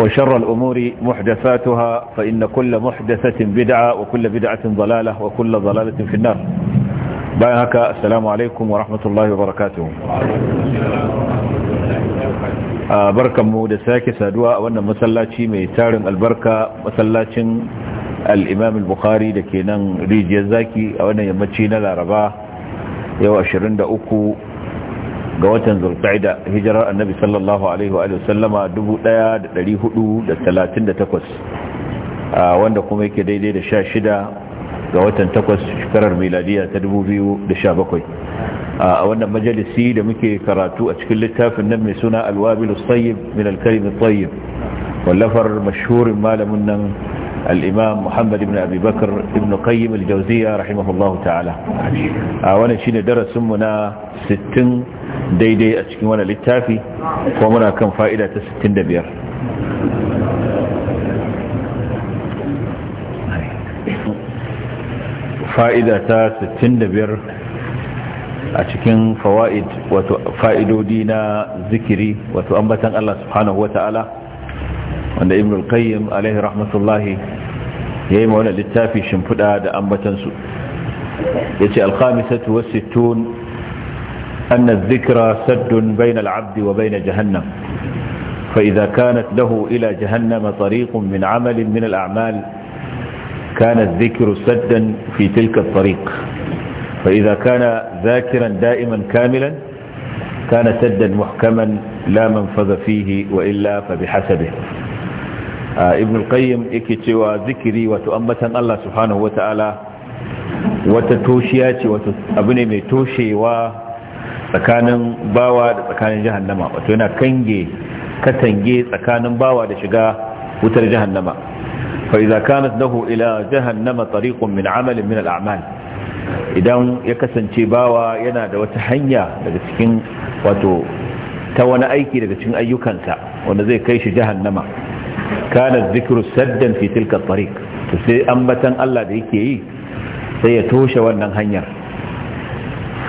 وشر الأمور محدثاتها فإن كل محدثة بدعة وكل بدعة ضلالة وكل ضلالة في النار بايهك السلام عليكم ورحمة الله وبركاته بركة مودة ساكسة دواء وأن مسلاتي ميتارن البركة مسلاتي الإمام البخاري لكي نن ريجي زاكي وأن يمتشينا لارباه yau 23 ga watan zulqa'ida hijirar annabi sallallahu alaihi wa sallama 1438 wanda kuma yake daidai da 16 ga watan 8 shekarar miladiya ta 2017 a wannan majalisi da muke karatu a cikin littafin nan mai suna alwabilu tayyib min alkalimin tayyib wallafar mashhurin malamin nan الإمام محمد بن أبي بكر بن قيم الجوزية رحمه الله تعالى وانا شين درس منا ستن دي دي أتشكي وانا للتافي ومنا كان فائدة ستن دبير فائدة ستن دبير a cikin fawa'id wato fa'idodi na zikiri wato ambatan Allah subhanahu wa ta'ala wanda ibn al-qayyim alaihi rahmatullahi yayi ma wannan littafi shimfida da ambatan su yace al-khamisatu wa sittun anna adh-dhikra saddun bayna al abd wa bayna jahannam fa idha kanat lahu ila فإذا كانت min إلى جهنم طريق من عمل من الأعمال كان الذكر سدا في تلك الطريق فإذا كان ذاكرا دائما كاملا كان سدا محكما لا منفذ فيه وإلا فبحسبه ibn al-qayyim yake cewa zikiri wato ambatan Allah subhanahu wata'ala wata toshiya ce wato abu ne mai toshewa tsakanin bawa da tsakanin jahannama wato yana kange katange tsakanin bawa da shiga wutar jahannama fa idza kanat lahu ila jahannama tariqun min amalin min al-a'mal idan ya kasance bawa yana da wata hanya daga cikin wato ta wani aiki daga cikin ayyukansa wanda zai kai shi jahannama kana zikiru saddan fi tilka tariq to sai ambatan Allah da yake yi sai ya toshe wannan hanyar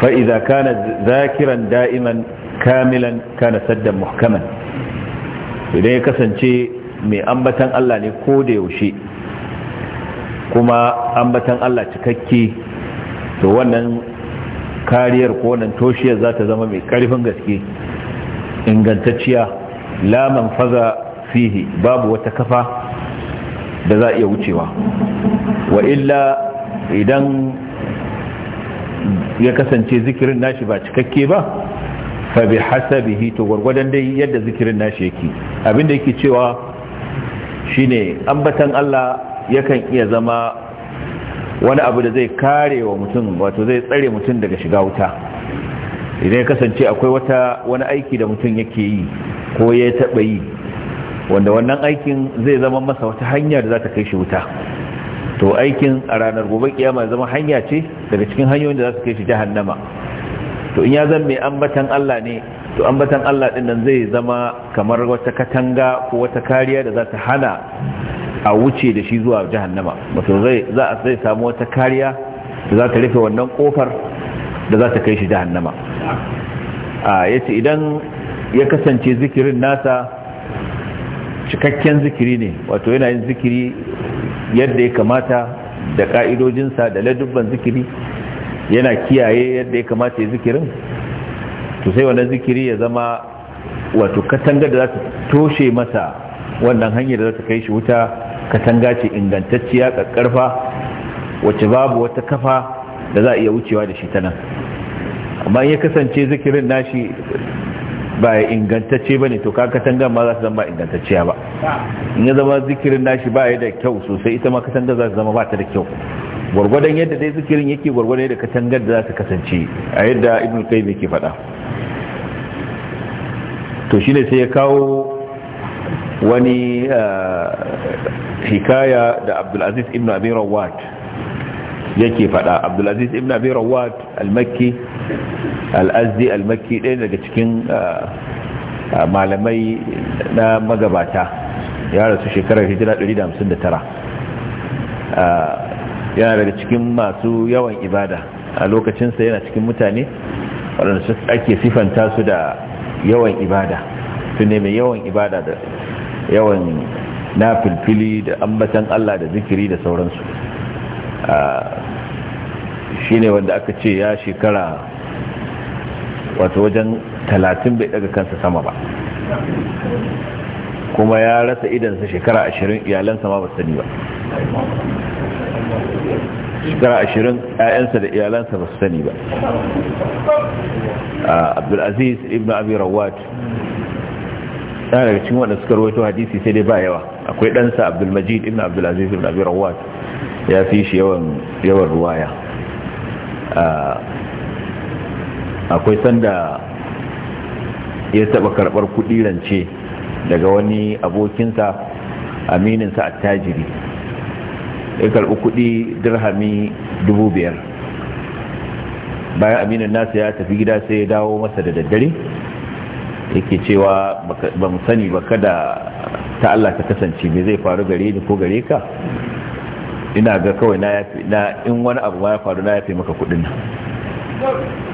fa idza kana zakiran da'iman kamilan kana saddan muhkaman idan ya kasance mai ambatan Allah ne ko da yaushe kuma ambatan Allah cikakke to wannan kariyar ko wannan toshiyar zata zama mai karfin gaske ingantacciya la manfaza fihi babu wata kafa da za a iya wucewa wa illa idan ya kasance zikirin nashi ba cikakke ba fa bi hasabihi to gwargwadon dai yadda zikirin nashi yake abinda yake cewa shine ambatan Allah yakan iya zama wani abu da zai kare wa mutum wato zai tsare mutum daga shiga wuta idan ya kasance akwai wata wani aiki da mutum yake yi ko ya taɓa yi wanda wannan aikin zai zama masa wata hanya da za ta kai shi wuta to aikin a ranar gobe kiyama zama hanya ce daga cikin hanyoyin da za su kai shi jahannama to in ya zan mai ambatan Allah ne to ambatan Allah din nan zai zama kamar wata katanga ko wata kariya da za ta hana a wuce da shi zuwa jahannama wato zai za a sai samu wata kariya da za ta rufe wannan kofar da za ta kai shi jahannama a yace idan ya kasance zikirin nasa cikakken zikiri ne wato yana yin zikiri yadda ya kamata da ka'idojinsa da ladubban zikiri yana kiyaye yadda ya kamata ya zikirin to sai wannan zikiri ya zama wato katanga da za ta toshe masa wannan hanyar da za ta kai shi wuta katanga ce ingantacciya ƙarƙarfa wacce babu wata kafa da za a iya wucewa da shi ta nan amma in ya kasance zikirin nashi ba ya ingantacce ba ne to ka katanga ma za su zama ingantacciya ba in ya zama zikirin nashi ba ya da kyau sosai ita ma katanga za su zama ba ta da kyau gwargwadon yadda dai zikirin yake gwargwadon yadda katangar da za su kasance a yadda ibn qayyim ke faɗa to shi ne sai ya kawo wani eh, hikaya da abdulaziz ibn abin rawat yake fada abdulaziz ibn abi rawat al-makki al-azdi al-makki ɗaya daga cikin ah, ah, malamai na magabata ya rasu shekarar hijira 159 ah, yana daga cikin masu yawan ibada a lokacinsa yana cikin mutane waɗanda ake sifanta su da yawan ibada su ne mai yawan ibada da yawan na filfili da ambatan Allah da zikiri da sauransu shi ne wanda aka ce ya shekara wata wajen talatin bai daga kansa sama ba kuma ya rasa idansa shekara ashirin iyalen sama ba sani ba shekara ashirin ayyansa da iyalansa ba su sani ba abdulaziz ibn abi rawat ɗan daga cikin waɗanda suka rawaito hadisi sai dai ba yawa akwai ɗansa abdulmajid ibn abdulaziz ibn abi rawat ya fi shi yawan ruwaya akwai sanda ya taba karbar kudi rance daga wani abokinsa amininsa a tajiri ya karbi kudi dirhami dubu biyar bayan aminin nasa ya tafi gida sai ya dawo masa da daddare yake cewa ba mu sani ba kada ta Allah ta kasance me zai faru gare ni ko gare ka ina ga kawai na yafi na in wani abu ya faru na yafi maka kudin nan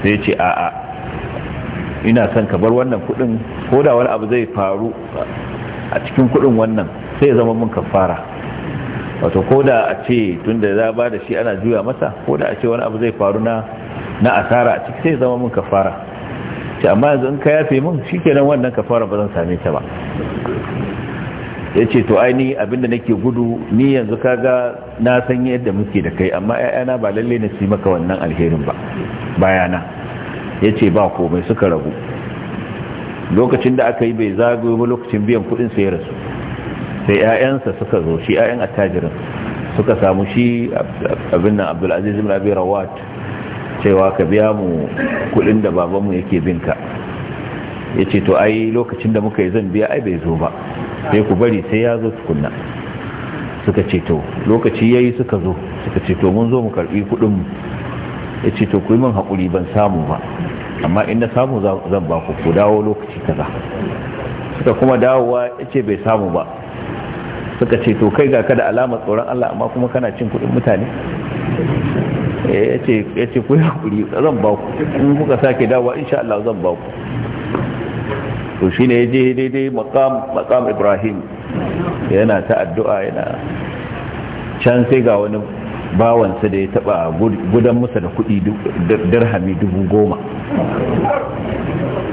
sai ce a'a ina son ka bar wannan kudin ko da wani abu zai faru a cikin kudin wannan sai zama mun kafara wato ko da a ce tunda za ba da shi ana juya masa ko da a ce wani abu zai faru na na asara a ciki sai zama mun kafara ce amma yanzu in ka yafe mun shikenan wannan kafara ba zan same ta ba ya ce to aini abinda nake gudu ni yanzu kaga na san yadda muke da kai amma ‘ya'yana ba lalle na ci maka wannan alherin ba bayana ya ce ba komai suka ragu lokacin da aka yi bai zagayo ba lokacin biyan kudin sai rasu sai ‘ya'yansa suka zo shi ‘ya'yan attajirin suka samu shi abin nan abdulaziz bin abi rawat cewa ka biya mu kuɗin da babanmu yake binka yace to ai lokacin da muka yi zan biya ai bai zo ba sai ku bari sai ya zo tukunna suka ce to lokaci ya yi suka zo suka ce to mun zo mu karɓi mu ya ce to ku yi min haƙuri ban samu ba amma in na samu zan ba ku ku dawo lokaci kaza suka kuma dawowa ya ce bai samu ba suka ce to kai ga ka da alamar tsoron Allah amma kuma kana cin kuɗin mutane eh, ya ce ku yi haƙuri zan ba ku in kuka sake dawowa insha Allah zan ba ku to ne ya je daidai makam ibrahim yana ta addu'a yana can sai ga wani bawansa da ya taba gudan musa da kudi dirhami dubu goma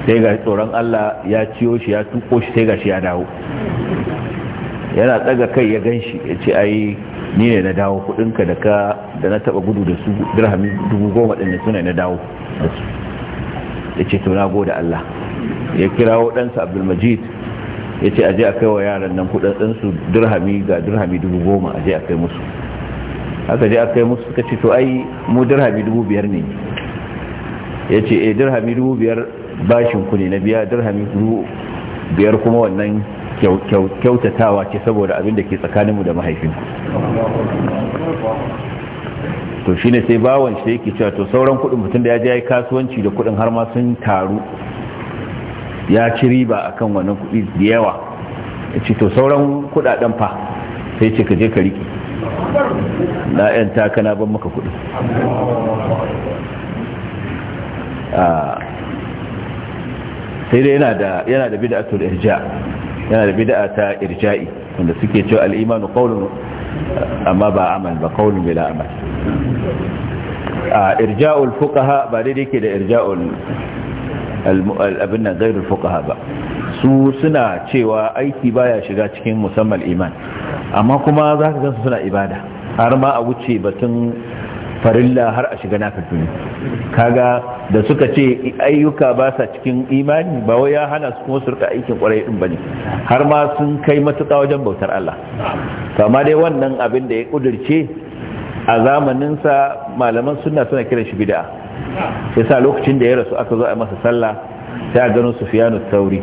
sai ga tsoron Allah ya ciyo shi ya tuko shi sai ga shi ya dawo yana tsaga kai ya gan shi ya ce ai ni ne na dawo kudinka da ka da na taba gudu da su dirhami dubu goma da suna na dawo ya ce to na gode Allah ya kirawo ɗansa abdulmajid ya ce aje a kai wa yaran nan kudansu dirhami ga dirhami dubu goma aje a kai musu aka je a kai musu suka ce to ai mu dirhami dubu biyar ne ya ce e dirhami dubu biyar bashin ku ne na biya dirhami dubu biyar kuma wannan kyautatawa ce saboda abin da ke tsakaninmu da mahaifinku to shine sai bawon shi yake cewa to sauran kuɗin mutum da ya je ya yi kasuwanci da kuɗin har ma sun taru ya ci riba a kan wannan kuɗi da yawa ya ce to sauran kuɗaɗen fa sai ce ka je ka riƙe na 'yan takana ban maka kuɗi ah, sai dai yana da yana da irja yana da bid'a ta irja'i wanda suke cewa al'imanu kawulun amma ba amal ba kawulun bila amal a ah, irja'ul fuqaha ba daidai ke da irja'ul abin nan gairul ba su suna cewa aiki baya shiga cikin musamman iman amma kuma za ka gansu suna ibada har ma a wuce batun farilla har a shiga naka tuni kaga da suka ce ayyuka ba sa cikin imani ba wai ya hana su kuma su rika aikin kwarai din bane har ma sun kai matuƙa wajen bautar Allah kama dai wannan abin da ya ƙudurce a zamanin sa malaman sunna suna kiran shi bid'a sai sa lokacin da ya rasu aka zo a masa sallah sai a gano sufiyanu tauri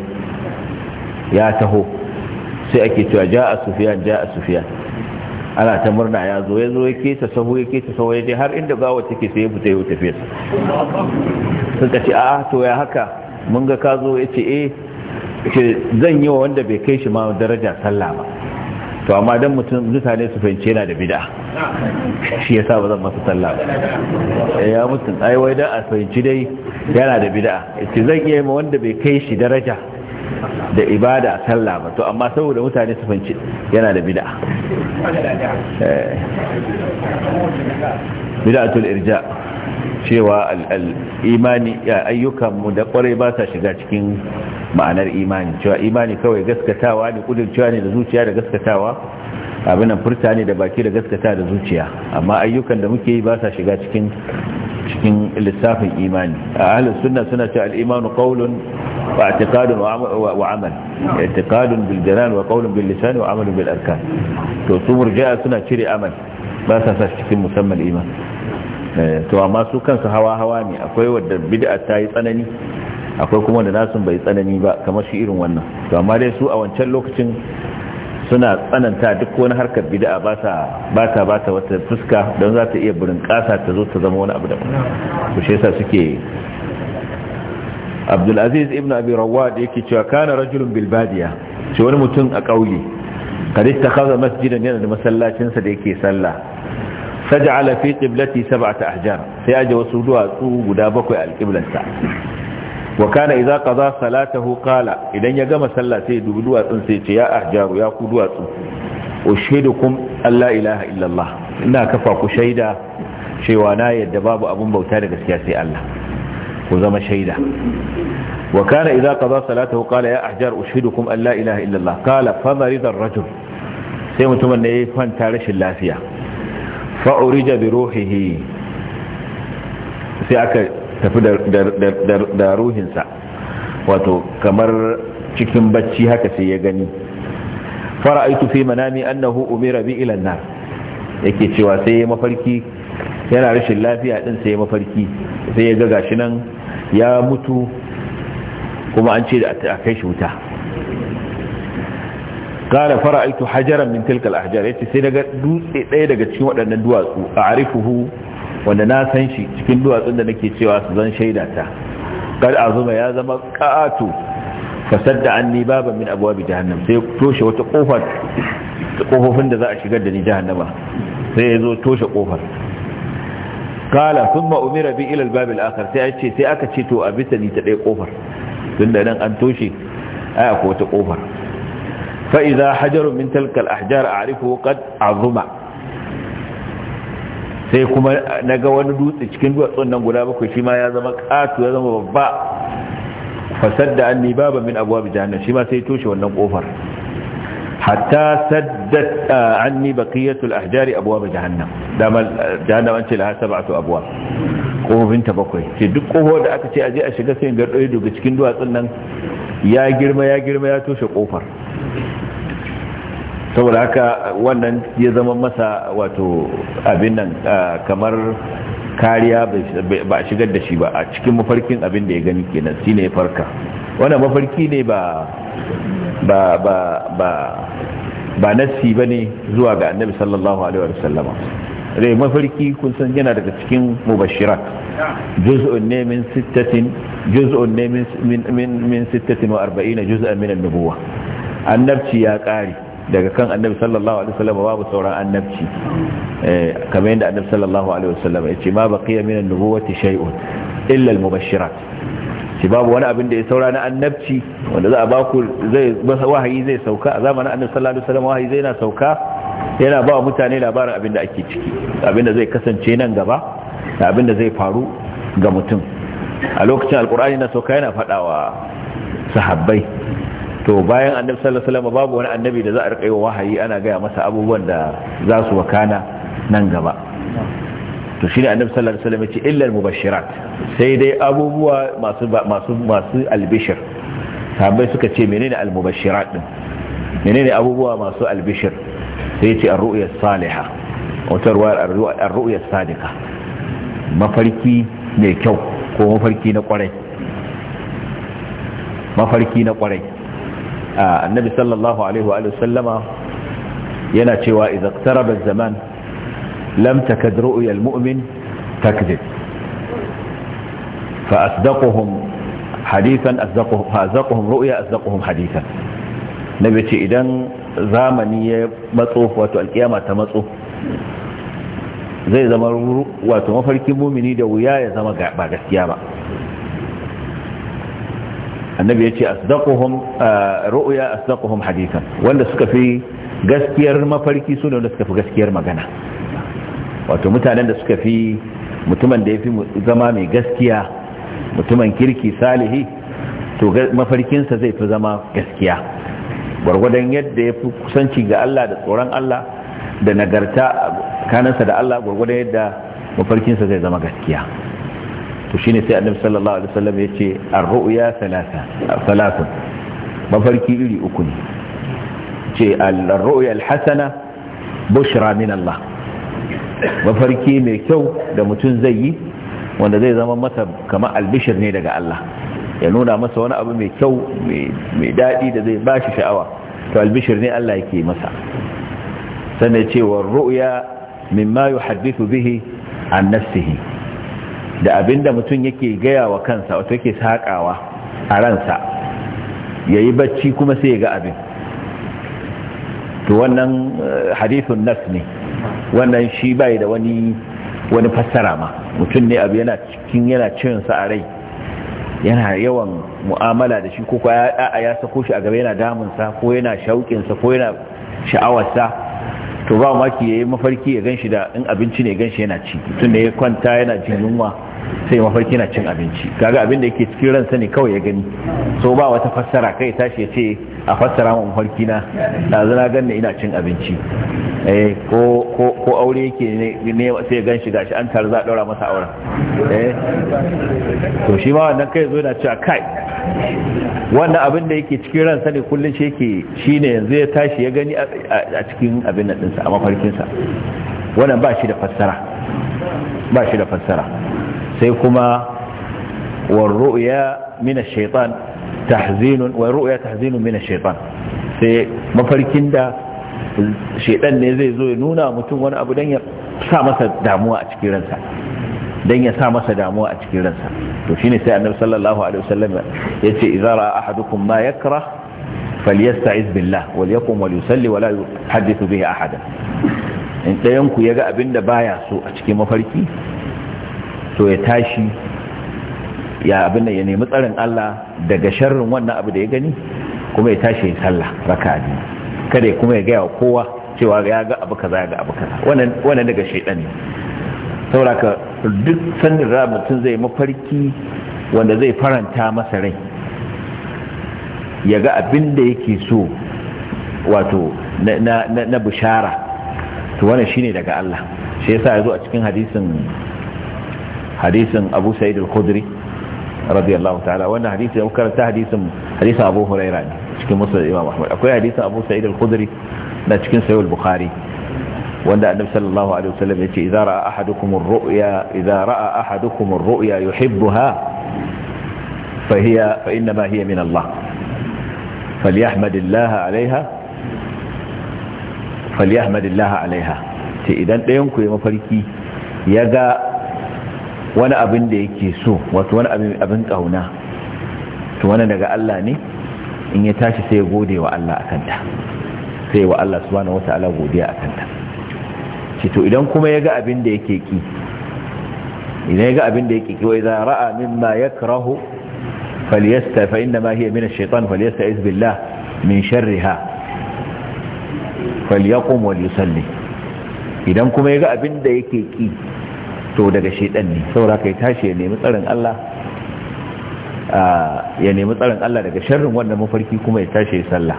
ya taho sai ake cewa a sufiyan a sufiyan ana ta murna ya zo ya zo ya keta sahu ya keta sahu ya je har inda gawa take sai ya fita ya tafi sun ka ce a to ya haka mun ga ka zo ya ce eh zan yi wa wanda bai kai shi ma daraja sallah ba to amma dan mutum mutane su fahimci yana da bid'a shi yasa ba zan masa talla ba eh, ya mutum ai wai da a fahimci dai yana da bid'a yace zan iya ma wanda bai kai shi daraja da ibada talla ba to amma saboda mutane su fahimci yana da bid'a eh. bid'atul irja' cewa al'imani ayyukanmu da kwarai ba sa shiga cikin ma'anar imani cewa imani kawai gaskatawa ne kudurcewa ne da zuciya da gaskatawa abinan furta ne da baki da gaskata da zuciya amma ayyukan da muke yi ba sa shiga cikin cikin lissafin imani a ahalin sunna suna ce al'imanu kawulun wa atikadun wa amal atikadun biljanan wa kawulun billisani wa amalin bilarkan to su murjiya suna cire amal ba sa sa cikin musamman iman Eh, to amma su kansu hawa hawa ne akwai wadda bid'a ta yi tsanani akwai kuma da nasun bai tsanani ba kamar shi irin wannan to amma dai su a wancan lokacin suna tsananta duk wani harkar bid'a ba ta ba ta wata fuska don za ta iya burin kasa ta zo ta zama wani abu da ku shi yasa suke Abdulaziz ibn Abi Rawad yake cewa kana rajulun bil badiya shi wani mutum a kauye ta kaza masjidan yana da masallacin sa da yake sallah فجعل في قبلتي سبعة أحجار سيأجي وسودها قدابك القبلة وكان إذا قضى صلاته قال إذن يقام صلى سيد بدوات سيد يا أحجار يا قدوات أشهدكم أن لا إله إلا الله إنا كفاك شيدا شيوانا يدباب أبو بوتانك السياسي الله وزم شيدا وكان إذا قضى صلاته قال يا أحجار أشهدكم أن لا إله إلا الله قال فمرض الرجل سيمتم أن يفن تارش اللافية fa'urija bi ruhihi sai aka tafi da ruhinsa wato kamar cikin bacci haka sai ya gani fara'aitu fi manami annahu umira bi ilan nar yake cewa sai ya mafarki yana rashin lafiya din sai ya mafarki sai ya ga gashi nan ya mutu kuma an ce da a kai shi wuta qala fara'aytu hajaran min tilka al yace sai daga dutse daya daga cikin waɗannan duwatsu a'rifuhu wanda na san shi cikin duwatsun da nake cewa su zan shaida ta qad azuma ya zama qatu fasadda anni baban min abwab jahannam sai toshe wata kofar da za a shigar da ni jahannama sai ya zo toshe kofar kala sun ma'umira bi ilal babil akar sai ce sai aka ce to a bisa ni ta ɗaya tun da nan an toshe aya ko wata فإذا حجر من تلك الأحجار أعرفه قد عظم sai kuma na ga wani dutse cikin duwatsun nan guda bakwai shi ma ya zama ƙato ya zama babba fasadda anni baba min abuwa jahannam shi ma sai toshe wannan kofar hatta saddat anni baqiyatul ahjari abuwa jahannam dama jahannam an ce laha sab'atu abwab kofinta bakwai ce duk kofar da aka ce a je a shiga sai gardoyi daga cikin duwatsun nan ya girma ya girma ya toshe kofar saboda haka wannan ya zama masa wato abin nan kamar kariya ba a shigar da shi ba a cikin mafarkin abin da ya gani kenan shi ne farka wannan mafarki ne ba ba ba ba ba nassi ba ne zuwa ga annabi sallallahu alaihi wa sallama rai mafarki kun san yana daga cikin mubashirat juz'un ne min sittatin juz'un ne min min min sittatin wa arba'ina juz'an min an annabci ya kare daga kan annabi sallallahu alaihi wasallam babu sauran annabci eh, kamar yadda annabi sallallahu alaihi wasallam ya ce ma baqiya min an-nubuwati shay'un illa al-mubashirat shi babu wani abin da ya saura na annabci wanda za a baku zai wahayi zai sauka a zamanin annabi sallallahu alaihi wasallam wahayi zai na sauka yana ba wa mutane labarin abin da ake ciki abin da zai kasance nan gaba da abin da zai faru ga mutum a lokacin alkur'ani na sauka yana faɗawa sahabbai to bayan annabi sallallahu alaihi babu wani annabi da za a rika yi wahayi ana gaya masa abubuwan da za su wakana nan gaba to shine annabi sallallahu alaihi wasallam ya ce illal mubashirat sai dai abubuwa masu masu masu albishir sahabbai suka ce menene almubashirat din menene abubuwa masu albishir sai ya ce ar-ru'ya salihah wata ruwayar ar-ru'ya sadiqa mafarki mai kyau ko mafarki na kwarai mafarki na kwarai annabi sallallahu alaihi wa sallama yana cewa idza iqtaraba az-zaman lam takad ru'ya al-mu'min takdhib fa asdaquhum hadithan asdaquhum asdaquhum ru'ya asdaquhum hadithan nabi ce idan zamani ya matso wato alkiyama ta matso zai zama wato mafarkin mumini da wuya ya zama ba gaskiya ba annabi ya ce asdaquhum uh, ru'ya asdaquhum hadithan wanda suka fi gaskiyar mafarki su ne wanda suka fi gaskiyar magana wato mutanen da suka fi mutumin da ya fi zama mai gaskiya mutumin kirki salihi to mafarkinsa zai fi zama gaskiya gwargwadon yadda ya fi kusanci ga Allah da tsoron Allah da nagarta kanansa da Allah gwargwadon yadda mafarkinsa zai zama gaskiya to shine sai annabi sallallahu alaihi wasallam ya ce ar-ru'ya thalatha mafarki iri uku ne ce ar-ru'ya al-hasana bushra min Allah mafarki mai kyau da mutum zai yi wanda zai zama masa kamar albishir ne daga Allah ya nuna masa wani abu mai kyau mai daɗi da zai ba shi sha'awa to albishir ne Allah yake masa sannan cewa ru'ya mimma yuhaddithu bihi an nafsihi da abinda mutum yake gaya wa kansa wato yake saƙawa a ransa ya yi bacci kuma sai ya ga abin to wannan eh, hadithun nas ne wannan shi bai da wani wani fassara ma mutum ne abu yana cikin yana a rai yana yawan mu'amala da shi ko a ya sako shi a gaba yana damunsa ko yana shauƙinsa ko yana sha'awarsa to ba maki ya yi mafarki ya ganshi da in abinci ne ganshi yana ci tun da ya kwanta yana jin yunwa sai mafarki na cin abinci kaga abin da yake cikin ransa ne kawai ya gani so ba wata fassara kai tashi ya ce a fassara mu mafarki na yanzu na ganna ina cin abinci eh ko ko ko aure yake ne sai ya ganshi gashi an tar za daura masa auren eh to shi ma wannan kai zo na cewa kai wannan abin da yake cikin ransa ne kullun shi yake shine yanzu ya tashi ya gani a cikin abin nan dinsa a mafarkinsa wannan ba shi da fassara ba shi da fassara sai kuma warru'ya min ash-shaytan tahzinun wa ru'ya tahzinun min ash sai mafarkin da shaytan ne zai zo ya nuna mutum wani abu dan ya sa masa damuwa a cikin ransa dan ya sa masa damuwa a cikin ransa to shine sai annabi sallallahu alaihi wasallam yace idza ra'a ahadukum ma yakrah falyasta'iz billah wal yaqum wal yusalli wa la yuhaddithu bihi ahada in dayan ku yaga abinda baya so a cikin mafarki to ya tashi ya abin da ya nemi tsarin Allah daga sharrin wannan abu da ya gani kuma ya tashi ya sallah raka biyu kada ya kuma ya gaya wa kowa cewa ya ga abu kaza ya ga abu kaza wannan daga shaidan ne saboda ka duk sanin ra zai mafarki wanda zai faranta masa rai ya ga abin da yake so wato na bishara to wannan shine daga Allah shi yasa ya zo a cikin hadisin حديث أبو سيد الخدري رضي الله تعالى وأن حديث أكرت حديث حديث أبو هريرة شكل مسلم الإمام أحمد أكو حديث أبو سيد الخدري لا شكل سيد البخاري وأن النبي صلى الله عليه وسلم يقول إذا رأى أحدكم الرؤيا إذا رأى أحدكم الرؤيا يحبها فهي فإنما هي من الله فليحمد الله عليها فليحمد الله عليها إذا أنت ينكو يا مفركي يقى wani abin da yake so wato wani abin kauna to wani daga Allah ne in ya tashi sai ya gode wa Allah a kanta sai wa Allah subhanahu wata'ala godiya a kanta ce to idan kuma ya ga abin da yake ki idan ya ga abin da yake ki wa idza ra'a mimma yakrahu falyasta fa inna ma hiya min ash-shaytan falyasta'iz billah min sharriha falyaqum wa yusalli idan kuma ya ga abin da yake ki to daga shaidan ne saura kai tashi ya nemi tsarin Allah ya nemi tsarin Allah daga sharrin wannan mafarki kuma ya tashi ya sallah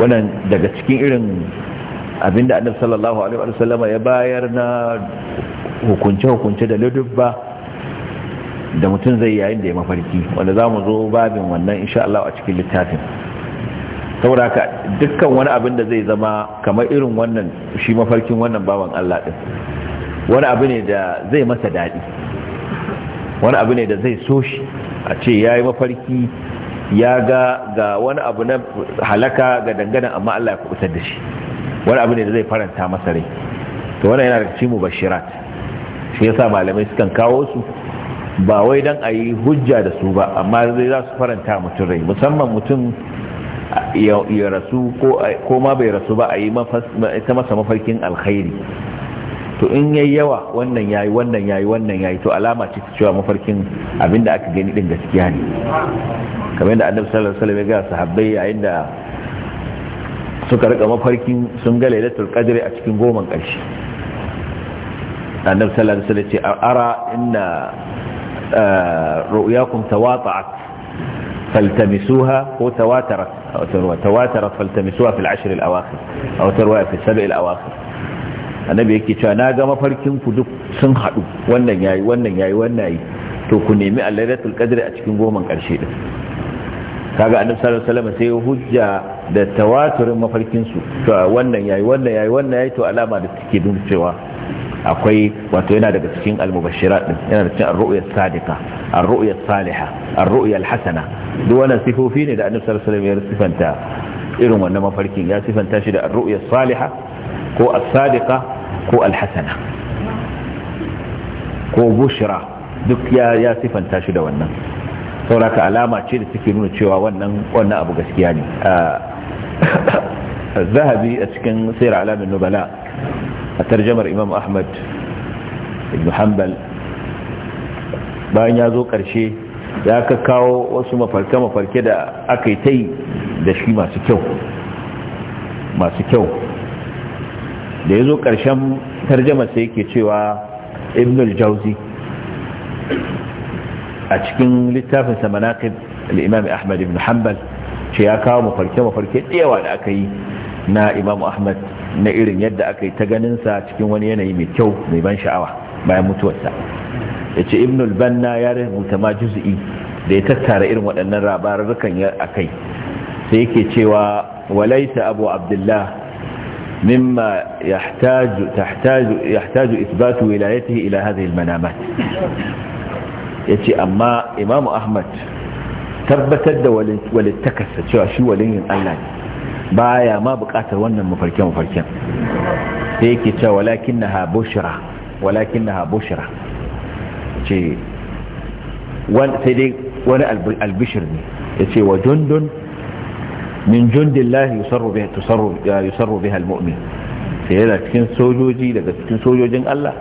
wannan daga cikin irin abinda annabi sallallahu alaihi wa sallam ya bayar na hukunce hukunce da ladubba da mutum zai yayin da ya mafarki wanda zamu zo babin wannan insha Allah a cikin littafin saboda dukkan wani abin da zai zama kamar irin wannan shi mafarkin wannan bawan Allah din wani abu ne da zai masa daɗi wani abu ne da zai so shi a ce ya yi mafarki ya ga ga wani abu na halaka ga dangana amma Allah ya kubutar da shi wani abu ne da zai faranta masa rai to wani yana da cikin mubashirat shi ya sa malamai sukan kawo su ba wai don a yi hujja da su ba amma zai za su faranta mutum rai musamman mutum ya rasu ko ma bai rasu ba a yi ta masa mafarkin alkhairi to in yayi yawa wannan yayi wannan yayi wannan yayi to alama ce ta cewa mafarkin abinda aka gani din gaskiya ne kamar yadda annabi sallallahu alaihi wasallam ya ga sahabbai yayin da suka rika mafarkin sun ga lailatul qadri a cikin goman karshe annabi sallallahu alaihi wasallam ce ara inna ru'yakum tawata'at فالتمسوها وتواترت أو تروى تواترت فالتمسوها في العشر الأواخر أو تروى في السبع الأواخر annabi yake cewa na ga mafarkin ku duk sun haɗu wannan yayi wannan yayi wannan yayi to ku nemi al-lailatul qadri a cikin goman karshe din kaga annabi sallallahu alaihi wasallam sai hujja da tawaturin mafarkin su to wannan yayi wannan yayi wannan yayi to alama da take dun cewa akwai wato yana daga cikin al-mubashirat din yana da cikin ar-ru'ya sadiqa ar-ru'ya as-salihah ar-ru'ya al-hasana duk wannan sifofi ne da annabi sallallahu alaihi wasallam ya sifanta irin wannan mafarkin ya sifanta shi da ar-ru'ya salihah ko as ko alhassana ko bushra duk ya ya sifanta shi da wannan sauraka alama ce da take nuna cewa wannan wannan abu gaskiya ne zahabi a cikin sayar alamin nubala a tarjamar imam ahmad ibn hanbal bayan ya zo karshe ya ka kawo wasu mafarke-mafarke da aka yi ta yi da shi masu kyau masu kyau da ya zo ƙarshen tarjama sai yake cewa ibn al-jauzi a cikin littafin sa manaqib al-imam ahmad ibn hanbal ce ya kawo mafarke mafarke tsayawa da aka yi na imam ahmad na irin yadda aka yi ta ganin sa cikin wani yanayi mai kyau mai ban sha'awa bayan mutuwarsa ya ce ibn al-banna ya rubuta ma juz'i da ya tattara irin waɗannan rabarurrukan a kai sai yake cewa walaita abu abdullah مما يحتاج تحتاج يحتاج إثبات ولايته إلى هذه المنامات يتي أما إمام أحمد tabbatar da walittakasa cewa shi waliyin Allah ne baya ma bukatar wannan mafarken-mafarken sai yake cewa walakin na habushira walakin na ce dai wani albishir ne ya ce wa dundun min jundillahi yusarru biha tusarru yusarru sai yana cikin sojoji daga cikin sojojin Allah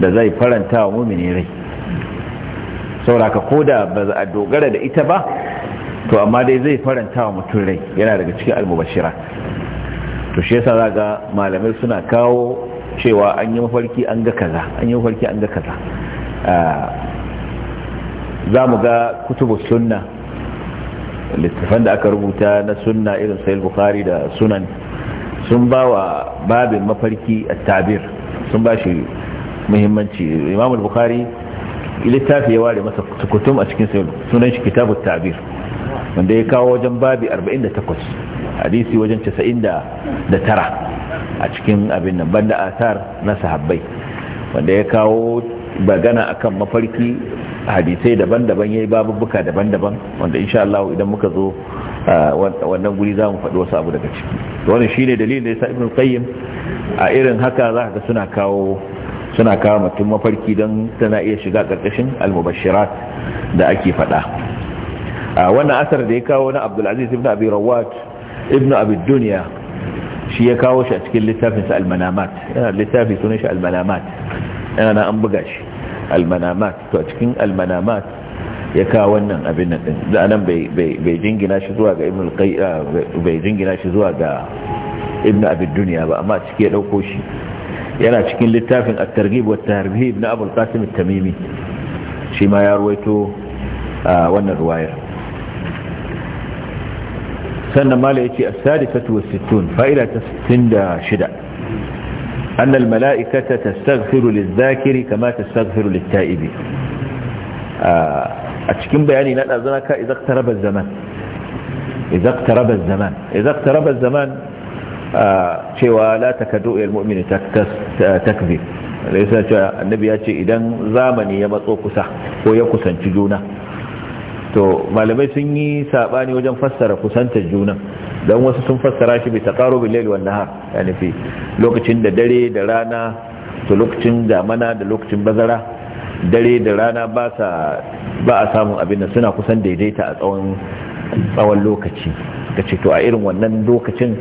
da zai faranta wa mu'mini rai sauraka koda ba a dogara da ita ba to amma dai zai faranta wa mutum rai yana daga cikin almubashira to shi yasa zaga malamai suna kawo cewa an yi mafarki an ga kaza an yi mafarki an ga kaza ah, za mu ga kutubu sunna littafan da aka rubuta na sunna irin sayil bukhari da sunan sun ba wa babin mafarki a tabir sun ba shi muhimmanci imam bukhari littafi ya ware masa sukutum a cikin sayil sunan shi kitabu tabir wanda ya kawo wajen babi 48 hadisi wajen 99 a cikin abin nan banda asar na sahabbai wanda ya kawo bagana akan mafarki hadisai daban-daban yayi babubuka daban-daban wanda insha Allah idan muka zo wannan guri zamu mu faɗi wasu abu daga ciki wannan shine dalilin da ya sa ibn qayyim a irin haka za ka suna kawo suna kawo mutum mafarki don tana iya shiga karkashin almubashirat da ake faɗa a wannan asar da ya kawo na abdulaziz ibn abi rawat ibn abi duniya shi ya kawo shi a cikin littafin sa almanamat yana littafi sunan shi almanamat yana an buga shi almanamat to a cikin almanamat ya kawo wannan abin nan din da nan bai jingina shi zuwa ga ibn ah, bai jingina shi zuwa ga ibn abi dunya ba amma cike ya dauko shi yana cikin littafin at-targhib wa at-tarhib na abul qasim at-tamimi shi ma ya ruwaito ah, wannan ruwaya sannan mala yace as-sadisatu was-sittun fa'ila ta 66 أن الملائكة تستغفر للذاكر كما تستغفر للتائب أتشكين بياني لأن أذنك إذا اقترب الزمان إذا اقترب الزمان إذا اقترب الزمان cewa la takadu il mu'mini takzib da yasa cewa annabi ya ce idan zamani ya matso kusa ko ya kusanci juna to malamai sun yi sabani wajen fassara kusantar juna dan wasu sun fassara shi bi taqarubul layl wan nahar yani fi lokacin da dare da rana to lokacin damana da lokacin bazara dare da rana ba sa ba a samun abin da suna kusan daidaita a tsawon tsawon lokaci ka to a irin wannan lokacin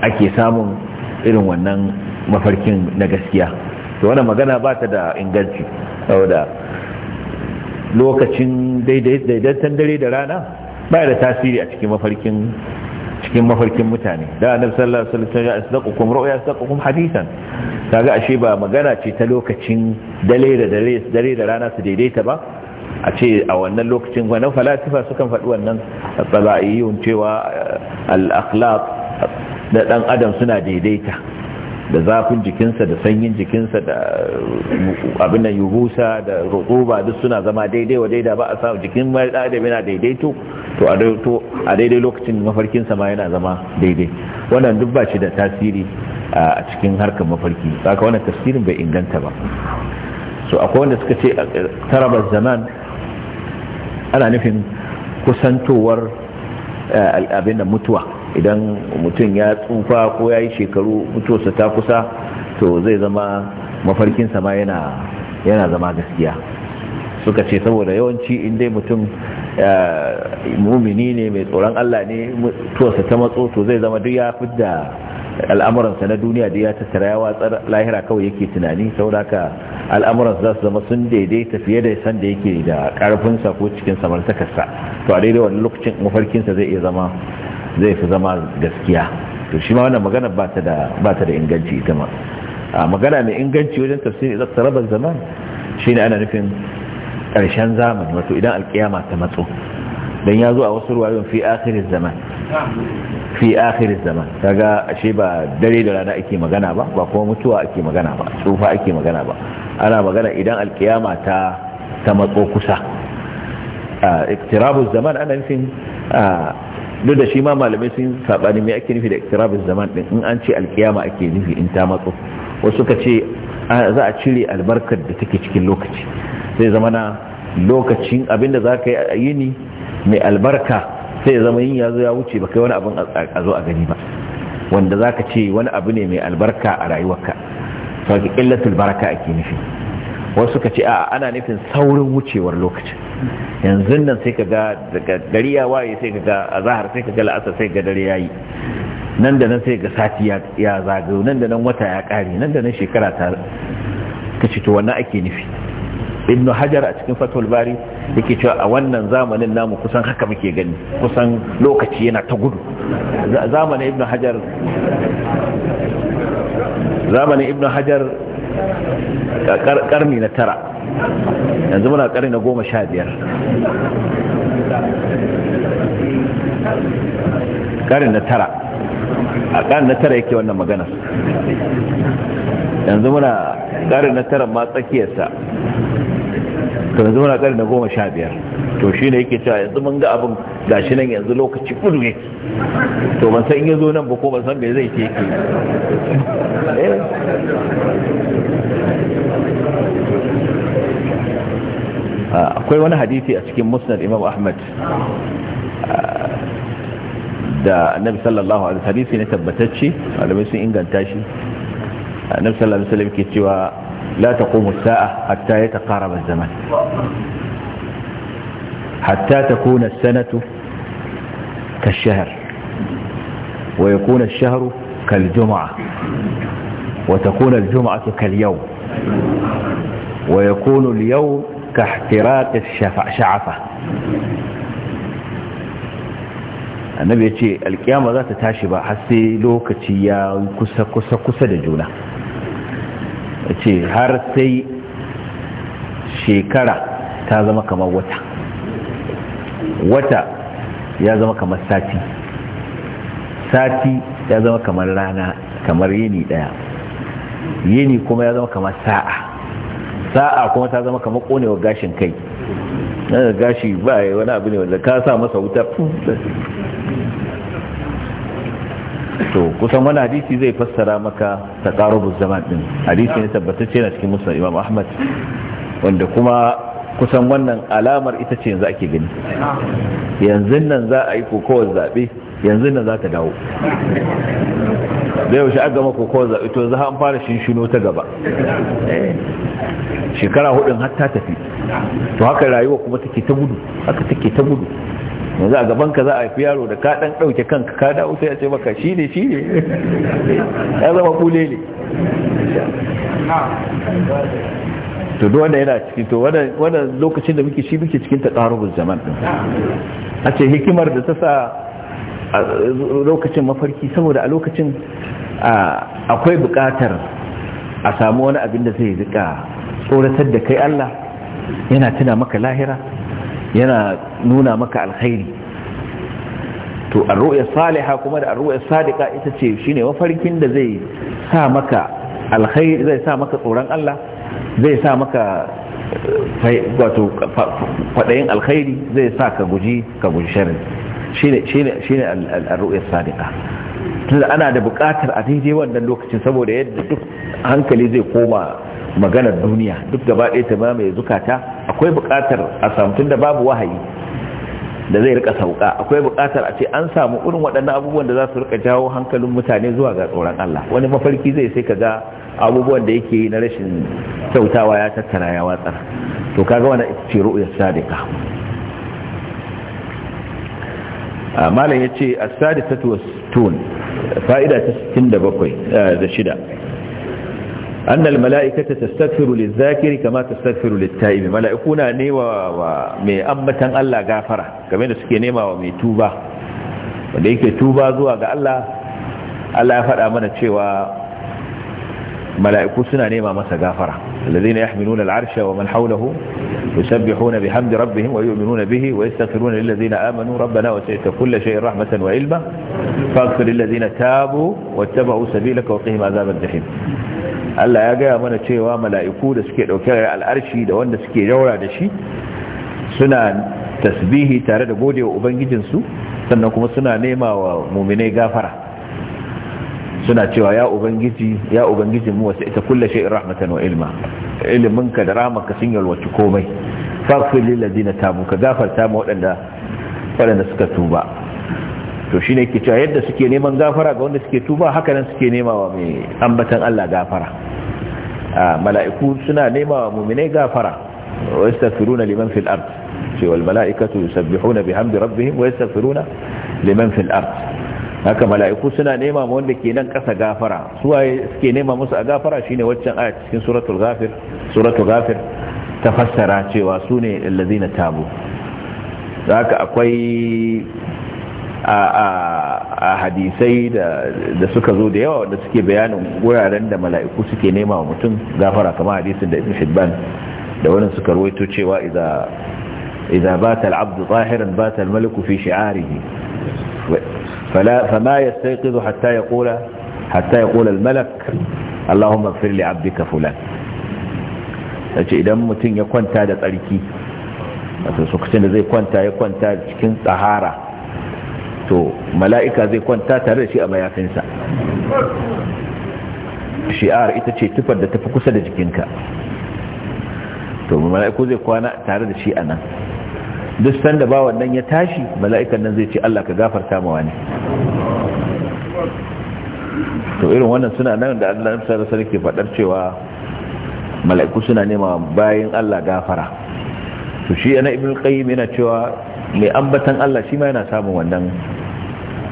ake samun irin wannan mafarkin na gaskiya to wannan magana ba ta da inganci saboda lokacin daidaitan dare da rana ba da tasiri a cikin mafarkin cikin mafarkin mutane da annabi sallallahu alaihi wasallam ya asdaqukum ru'ya asdaqukum hadithan kaga ashe ba magana ce ta lokacin dare da dare dare da rana su daidaita ba a ce a wannan lokacin wannan falasifa sukan faɗi wannan tsabaiyun cewa al-akhlaq da dan adam suna daidaita da zafin jikinsa da sanyin jikinsa da uh, abin da yuhusa da rukuba duk suna zama daidai wa daida ba a sa jikin mai da yana daidaito to a a daidai lokacin mafarkinsa ma yana zama daidai wannan duk ba shi da tasiri uh, a cikin harkar mafarki saka wannan tasirin bai inganta ba so akwai wanda suka ce uh, tarabar zaman ana nufin kusantowar abin da mutuwa idan mutum ya tsufa ko ya yi shekaru mutuwarsa ta kusa to zai zama mafarkinsa ma yana zama gaskiya suka ce saboda yawanci in dai mutum mumini ne mai tsoron Allah ne mutuwarsa ta matso to zai zama duk ya da al'amuransa na duniya da ya tattara ya watsar lahira kawai yake tunani da haka al'amuransa za su zama sun daidaita fiye da sanda da yake da karfinsa ko cikin samartakarsa to a daidai wani lokacin mafarkinsa zai iya zama zai fi zama gaskiya to shi ma wannan magana ba ta da inganci ita ma magana mai inganci wajen tafsiri idan tarabar zaman shi ne ana nufin ƙarshen zamani wato idan alƙiyama ta matso don ya zo a wasu ruwayon fi akirin zaman fi akirin zaman ga ashe ba dare da rana ake magana ba ba kuma mutuwa ake magana ba tsufa ake magana ba ana magana idan alƙiyama ta ta matso kusa a iktirabu zaman ana nufin duk da shi ma malamai sun saɓani mai ake nufi da ikirabin zaman din in an ce alkiyama ake nufi in ta matso wasu ka ce za a cire albarkar da take cikin lokaci sai zama na lokacin abinda za ka yi a mai albarka sai zama yin yazo ya wuce ba kai wani abin a zo a gani ba wanda za ka ce wani abu ne mai albarka a rayuwarka sauki illatul baraka ake nufi wasu suka ce a ana nufin saurin wucewar lokacin yanzu nan sai ka ga daga dare ya waye sai ka ga azahar sai ka ga la'asar sai ga dare yayi nan da nan sai ga sati ya zagayo nan da nan wata ya kare nan da nan shekara ta kace to wannan ake nufi ibnu hajar a cikin fatul bari yake cewa a wannan zamanin namu kusan haka muke gani kusan lokaci yana ta gudu zamanin ibnu hajar zamanin ibnu hajar karni na tara yanzu muna karni na goma sha biyar karni na tara a karni na tara yake wannan magana yanzu muna karni na tara ma tsakiyarsa to yanzu muna karin na goma sha biyar to shi ne yake cewa yanzu mun ga abin gashi nan yanzu lokaci kudu ne to ban san in ya zo nan ba ko ban san me zai ke yake eh. ah, akwai wani hadisi a cikin musnad imam ahmad ah, da annabi sallallahu alaihi hadisi ne tabbatacce alamai sun inganta shi annabi sallallahu alaihi wasallam ke cewa لا تقوم الساعة حتى يتقارب الزمن حتى تكون السنة كالشهر ويكون الشهر كالجمعة وتكون الجمعة كاليوم ويكون اليوم كاحتراق الشعفة النبي يقول القيامة ذات تاشبة حسي لوكتيا ba كسا كسا lokaci ce har sai shekara ta zama kamar wata wata ya zama kamar sati sati ya zama kamar rana kamar yini daya yini kuma ya zama kamar sa'a sa'a kuma ta zama kamar konewa gashin kai na gashi ba wani abu ne wanda ka sa masa wuta to kusan wani hadisi zai fassara maka ta taqarubuz zaman din hadisi ne tabbatacce na cikin musnad imam ahmad wanda kuma kusan wannan alamar ita ce yanzu ake gani yanzu nan za a yi kokowar zaɓe yanzu nan za ta dawo Zai yaushe a gama kokowar zaɓe to za an fara shinshino ta gaba shekara hudun har ta tafi to haka rayuwa kuma take ta gudu haka take ta gudu yanzu a gaban ka za a fi yaro da ka dan dauke kanka ka dawo sai a ce maka shi ne shi ne ya zama kule ne to duk wanda yana ciki to wanda lokacin da muke shi muke cikin ta tsarubin zaman din a ce hikimar da ta sa lokacin mafarki saboda a lokacin akwai bukatar a samu wani abin da zai rika tsoratar da kai Allah yana tuna maka lahira yana nuna maka alkhairi to arru'ya salihah kuma da arru'ya sadiqa ita ce shine mafarkin da zai sa maka alkhairi zai sa maka tsoron Allah zai sa maka eh, wato fadayin alkhairi zai sa ka guji ka guji sharri shine shine shine arru'ya sadiqa tunda ana da buƙatar a daidai wannan lokacin saboda yadda duk hankali zai koma maganar duniya duk gaba ɗaya ta mamaye zukata akwai buƙatar a samu tunda babu wahayi da zai rika sauka akwai buƙatar a ce an samu irin waɗannan abubuwan da za su rika jawo hankalin mutane zuwa ga tsoron Allah wani mafarki zai sai ga abubuwan da yake na rashin kyautawa ya tattara ya watsar to kaga wani ce ru'ya sadiqa malam yace as sadiqatu was-tun fa'ida ta 67 eh, da shida أن الملائكة تستغفر للذاكر كما تستغفر للتائب ملائكونا نيوا ومي أمتا ألا غافرة كما نسكي نيمة ومي توبة وليك توبة زوا قال ألا فرأى من تشيوا ملائكو سنة نيمة مسا غافرة الذين يحملون العرش ومن حوله يسبحون بحمد ربهم ويؤمنون به ويستغفرون للذين آمنوا ربنا وسيت كل شيء رحمة وعلمة tabo ba usa bi laka سبيلك ma zaɓar الجحيم Allah ya gaya mana cewa mala'iku da suke ɗauke a al'arshi da wanda suke yaura da shi suna tasbihi tare da gode wa Ubangijinsu sannan kuma suna nema wa muminai gafara suna cewa ya Ubangiji ya mu wasu ita kulle shi rahmatan wa ilma iliminka da ka sun yalwaci komai fafi lillazi na tabo ka gafarta ma waɗanda suka tuba to shine ke cewa yadda suke neman gafara ga wanda suke tuba haka nan suke nema wa mai ambatan Allah gafara mala'iku suna nema wa mu'minai gafara wa yastaghfiruna liman fil ard ce wal mala'ikatu yusabbihuna bihamdi rabbihim wa yastaghfiruna liman fil ard haka mala'iku suna nema ma wanda ke nan ƙasa gafara su waye suke nema musu a gafara shine waccan aya cikin suratul ghafir suratul ghafir ta fassara cewa su ne allazina tabu haka akwai a hadisai da suka zo da yawa wanda suke bayanin wuraren da mala'iku suke nema wa mutum gafara kama hadisin da ibn da wani suka ruwaito cewa idza bata al-abdu zahiran bata al-maliku fi shi'arihi fama ya sai yaqula hatta yaqula al-malak Allahumma ighfir li 'abdika fulan sace idan mutum ya kwanta da tsarki wato lokacin da zai kwanta ya kwanta cikin tsahara to mala'ika zai kwanta tare da shi a mayafinsa shi'ar ita ce tufar da ta fi kusa da jikinka to mala'iku zai kwana tare da shi a nan duk sanda ba wannan ya tashi mala'ikan nan zai ce Allah ka gafarta ma wani to irin wannan suna nan da Allah ya sarrafa ke fadar cewa mala'iku suna nema bayan Allah gafara to shi yana ibn qayyim yana cewa mai ambatan Allah shi ma yana samun wannan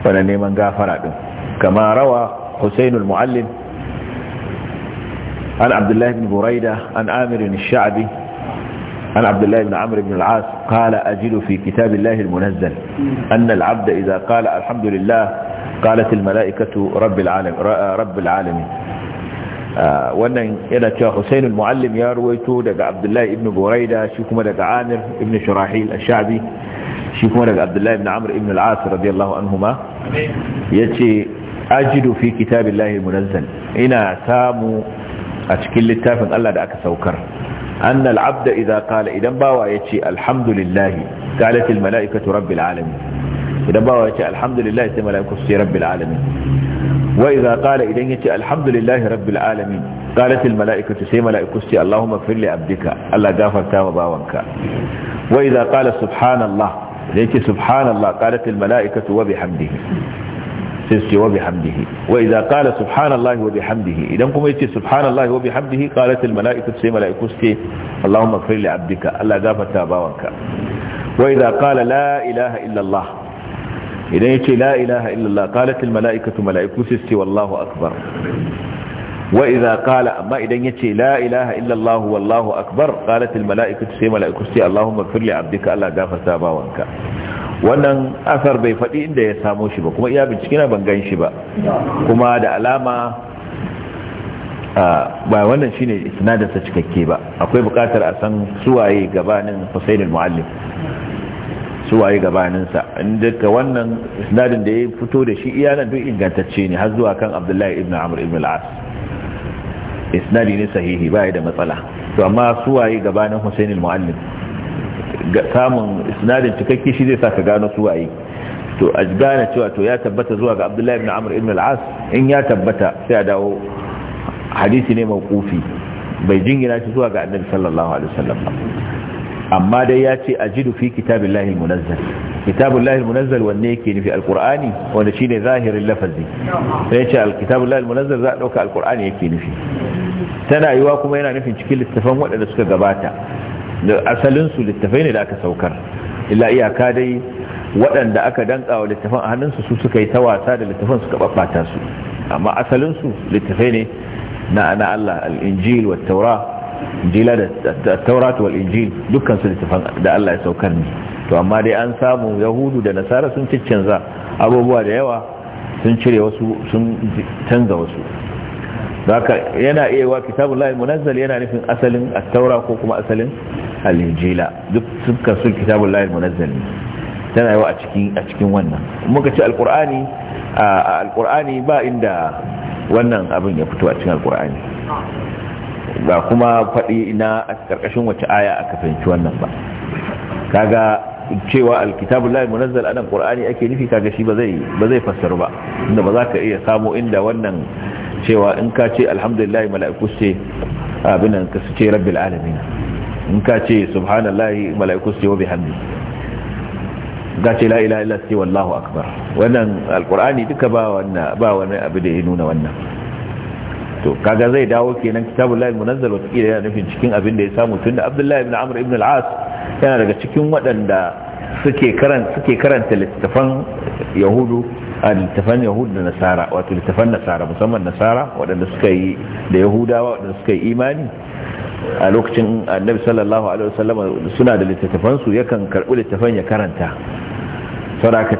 wannan neman gafara din kama rawa Husain al an abdullahi ibn Buraida an Amir al-Sha'bi عن عبد الله بن عمرو بن العاص قال أجد في كتاب الله المنزل أن العبد alhamdulillah قال الحمد لله قالت الملائكة رب العالم رب العالمين wannan yana cewa Husainul Muallim ya ruwaito daga Abdullahi ibn Buraida shi kuma daga Amir ibn Shurahil al shabi shi kuma daga abdullahi ibn amr ibn al-as radiyallahu anhuma yace ajidu fi kitabillahi munazzal ina samu a cikin littafin Allah da aka saukar anna al-abda idza qala idan bawa yace alhamdulillahi qalat al-mala'ikatu rabbil alamin idan bawa yace alhamdulillahi sai mala'iku su rabbil alamin wa idza qala idan yace alhamdulillahi rabbil alamin qalatil mala'ikatu sai mala'iku su ce Allahumma fir li abdika Allah gafarta wa bawanka wa idza da yake subhanallah qala subhanallahi wa bihamdihi idan kuma yace subhanallahi wa bihamdihi qalatil mala'ikatu sai mala'iku su ce Allahumma fir li abdika Allah gafarta wa akbar wa idza qala amma idan yace la ilaha illallahu Allah wallahu akbar qalat al mala'ikatu sai mala'iku sai Allahumma firli abdika Allah gafarta bawanka wannan asar bai faɗi inda ya samo shi ba kuma iya bincike na ban gan shi ba kuma da alama ba wannan shine isnadin cikakke ba akwai buƙatar a san suwaye gabanin Husain muallim suwaye gabanin inda ka wannan isnadin da ya fito da shi iya nan duk ingantacce ne har zuwa kan Abdullahi ibn Amur ibn al-As isnadi ne sahihi ba da matsala to amma suwaye gabanin Hussein al-Muallim samun isnadin cikakke shi zai saka gano suwaye to a gane cewa to ya tabbata zuwa ga Abdullahi ibn Amr ibn al-As in ya tabbata sai a dawo hadisi ne kufi bai jingina shi zuwa ga Annabi sallallahu alaihi wasallam amma dai ya ce ajidu fi kitabillahi Kitabin kitabullahi almunazzal wanne yake nufi alqur'ani wanda ne zahirin lafazi sai ya ce alkitabullahi munazzal za a dauka alqur'ani yake nufi tana yiwa kuma yana nufin cikin littafan waɗanda suka gabata da asalin littafai ne da aka saukar illa iyaka dai waɗanda aka danka wa littafan a hannunsu su suka yi ta wasa da littafan suka babbata su amma asalinsu littafai ne na ana Allah al-injil wa taura Jila da taurat wal injil dukkan su littafan da Allah ya saukar ne to amma dai an samu yahudu da nasara sun ciccanza abubuwa da yawa sun cire wasu sun canza wasu haka yana iya wa kitabullahi munazzal yana nufin asalin at-taura ko kuma asalin al-injila duk dukkan su kitabullahi munazzal ne tana yawa a cikin a cikin wannan muka ce alqur'ani alqur'ani ba inda wannan abin ya fito a cikin alqur'ani ba kuma faɗi na a ƙarƙashin wace aya aka fahimci wannan ba kaga cewa alkitabul lahi munazzal anan qur'ani ake nufi kaga shi ba zai ba zai fassaru ba inda ba za ka iya samu inda wannan cewa in ka ce alhamdulillahi mala'iku ce abin nan ka ce rabbil alamin in ka ce subhanallahi mala'iku ce wa bihamdi ga ce la ilaha illa wallahu akbar wannan alqur'ani duka ba wannan ba wani abu da ya nuna wannan to kaga zai dawo kenan kitabullahi munazzal wa tsira yana nufin cikin abin da ya samu tunda abdullahi ibn amr ibn al-as yana daga cikin waɗanda suke karanta suke karanta littafan yahudu a littafan yahudu da nasara wato littafan nasara musamman nasara waɗanda suka yi da yahudawa waɗanda suka yi imani a lokacin annabi sallallahu alaihi wasallam suna da littafan su yakan karbi littafan ya karanta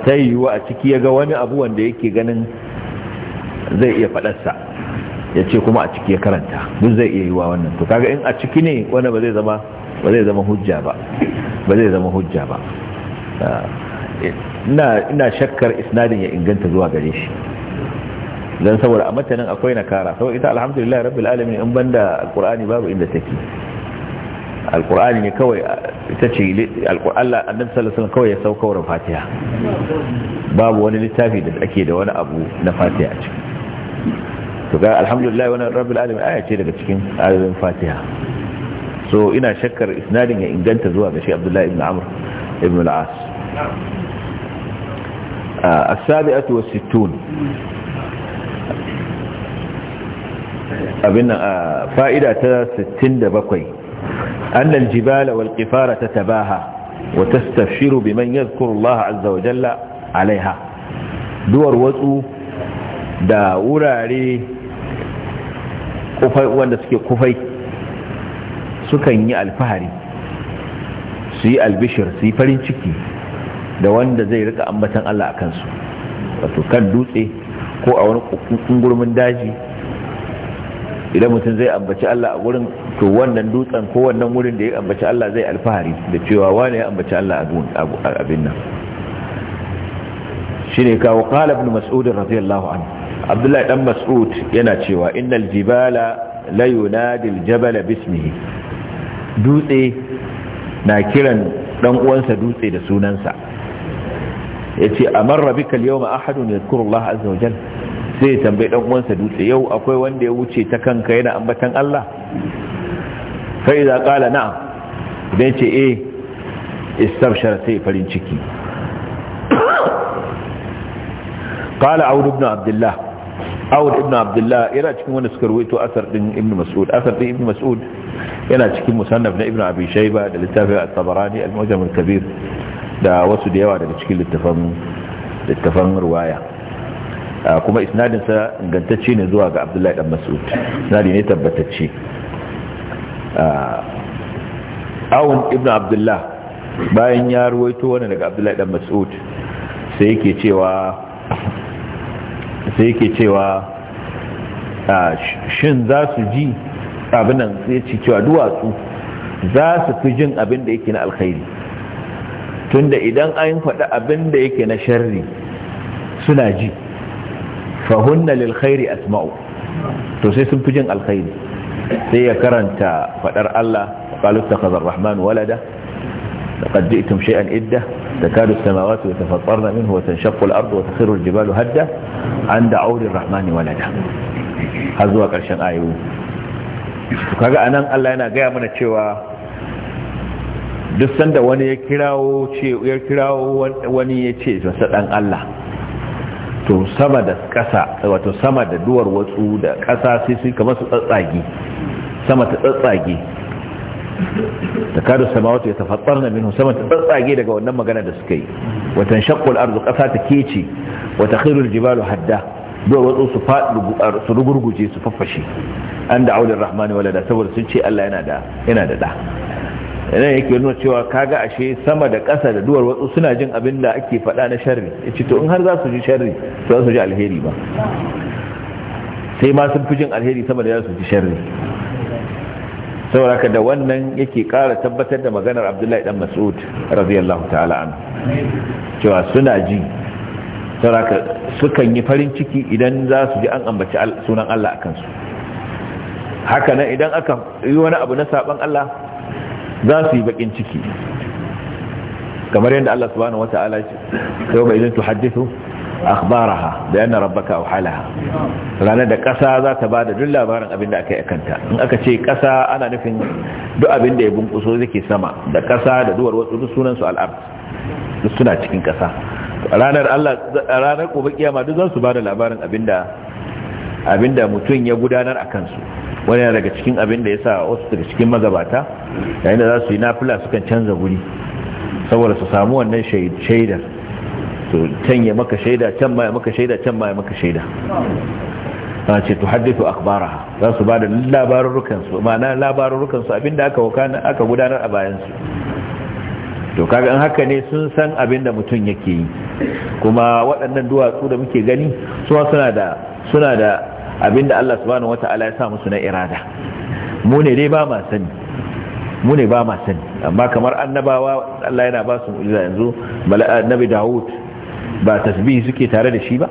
tayi wa a ciki ya ga wani abu wanda yake ganin zai iya faɗarsa ya ce kuma a ciki ya karanta duk zai iya yi wa wannan to kaga in a ciki ne wanda ba zai zama ba zai zama hujja ba ba zai zama hujja ba ina ina shakkar isnadin ya inganta zuwa gare shi dan saboda a matanin akwai nakara saboda ita alhamdulillah rabbil alamin in banda alqur'ani babu inda take alqur'ani ne kawai ita ce Allah annabi sallallahu alaihi wasallam kawai ya saukar fatiha babu wani littafi da ake da wani abu na fatiha a ciki to alhamdulillah wannan rabbil alamin aya daga cikin ayoyin fatiha so ina shakkar isnadin ya inganta zuwa ga shi abdullahi ibn amr ibn al-as as-sabi'atu was-sittun abin fa'ida ta 67 أن الجبال والقفار تتباهى وتستفشر بمن يذكر الله عز وجل عليها duwar watsu da wurare kufai wanda suke kufai sukan yi alfahari su yi albishir su yi farin ciki da wanda zai rika ambatan Allah a kansu wato kan dutse ko a wani kungurmin daji idan mutum zai ambaci Allah a wurin to wannan dutsen ko wannan wurin da ya ambaci Allah zai alfahari da cewa wane ya ambaci Allah a abin nan shi ne kawo ƙala ibn mas'udin radiyallahu anhu abdullahi dan mas'ud yana cewa innal jibala la yunadi aljabala bismihi dutse na kiran dan uwansa dutse da sunansa yace amarra bika alyawma ahadun yadhkuru Allah azza wa jalla sai ya tambayi dan uwansa dutse yau akwai wanda ya wuce ta kanka yana ambatan Allah fa idza kala na'am idan ce eh istabshara sai farin ciki قال عون بن عبد الله awul ibn abdullah yana cikin wani suka ruwaito asar din ibn mas'ud asar din ibn mas'ud yana cikin musannaf na ibn abi shayba da littafi at-tabarani al-mujam al-kabir da wasu da yawa daga cikin littafan littafan riwaya kuma isnadin sa ingantacce ne zuwa ga abdullahi ibn mas'ud isnadi ne tabbatacce awun ibn abdullah bayan ya ruwaito wani daga abdullahi ibn mas'ud sai yake cewa sai yake cewa shin za su ji abinan sai ce cewa duwatsu za su fi jin abin da yake na alkhairi tunda idan an faɗi abin da yake na sharri suna ji fahunna lil asma'u to sai sun fi jin alkhairi sai ya karanta faɗar Allah qalu rahman walada لقد جئتم شيئا إدة تكاد السماوات يتفطرن منه وتنشق الأرض وتخر الجبال هدة عند عور الرحمن ولده هذا هو قرشان آيو kaga anan Allah yana gaya mana cewa duk sanda wani ya kirawo ce ya kirawo wani ya ce masa dan Allah to sama da ƙasa wato sama da duwar watsu da ƙasa sai su kamar sama ta tsatsage takadu samawati yatafattarna minhu sama ta tsatsage daga wannan magana da suka yi wa tanshaqqu al-ardu qasa ta kece wa takhiru al-jibalu hadda duwatsu su faɗi su rugurguje su faffashe an da aulin rahmani da saboda sun ce Allah yana da yana da da yana yake nuna cewa kaga ashe sama da ƙasa da duwar watsu suna jin abin da ake faɗa na sharri yace to in har za su ji sharri to za su ji alheri ba sai ma sun fi jin alheri sama da za su ji sharri sauraka da wannan yake ƙara tabbatar da maganar abdullahi dan mas'ud radiyallahu ta'ala an cewa suna ji sauraka sukan yi farin ciki idan za su ji an ambaci sunan Allah a kansu haka nan idan aka yi wani abu na saban Allah za su yi bakin ciki kamar yadda Allah subhanahu wata'ala ce yau ba idan tuhaddithu akhbaraha da yana rabbaka auhalaha ranar da kasa zata bada ba labarin abin aka yi kanta in aka ce kasa ana nufin duk abin ya bunkuso zake sama da ƙasa da duwar wasu duk sunansu al'ab duk suna cikin ƙasa ranar Allah ranar gobe kiyama za su ba labarin abinda mutum ya gudanar a kansu wani daga cikin abin da ya sa wasu daga cikin magabata yayin da za su yi nafila sukan canza wuri saboda su samu wannan shaidar to can ya maka shaida can ma ya maka shaida can ma ya maka shaida na ce to haddithu akhbaraha za su bada labarurrukan su ma'ana labarurrukan su abinda aka wakana aka gudanar a bayan su to kaga an haka ne sun san abinda mutum yake yi kuma waɗannan duwatsu da muke gani su suna da suna da abinda Allah subhanahu wata'ala ya sa musu na irada mu ne dai ba ma sani mu ne ba ma sani amma kamar annabawa Allah yana ba su mu'jiza yanzu annabi Dawud ba tasbihi suke tare da shi ba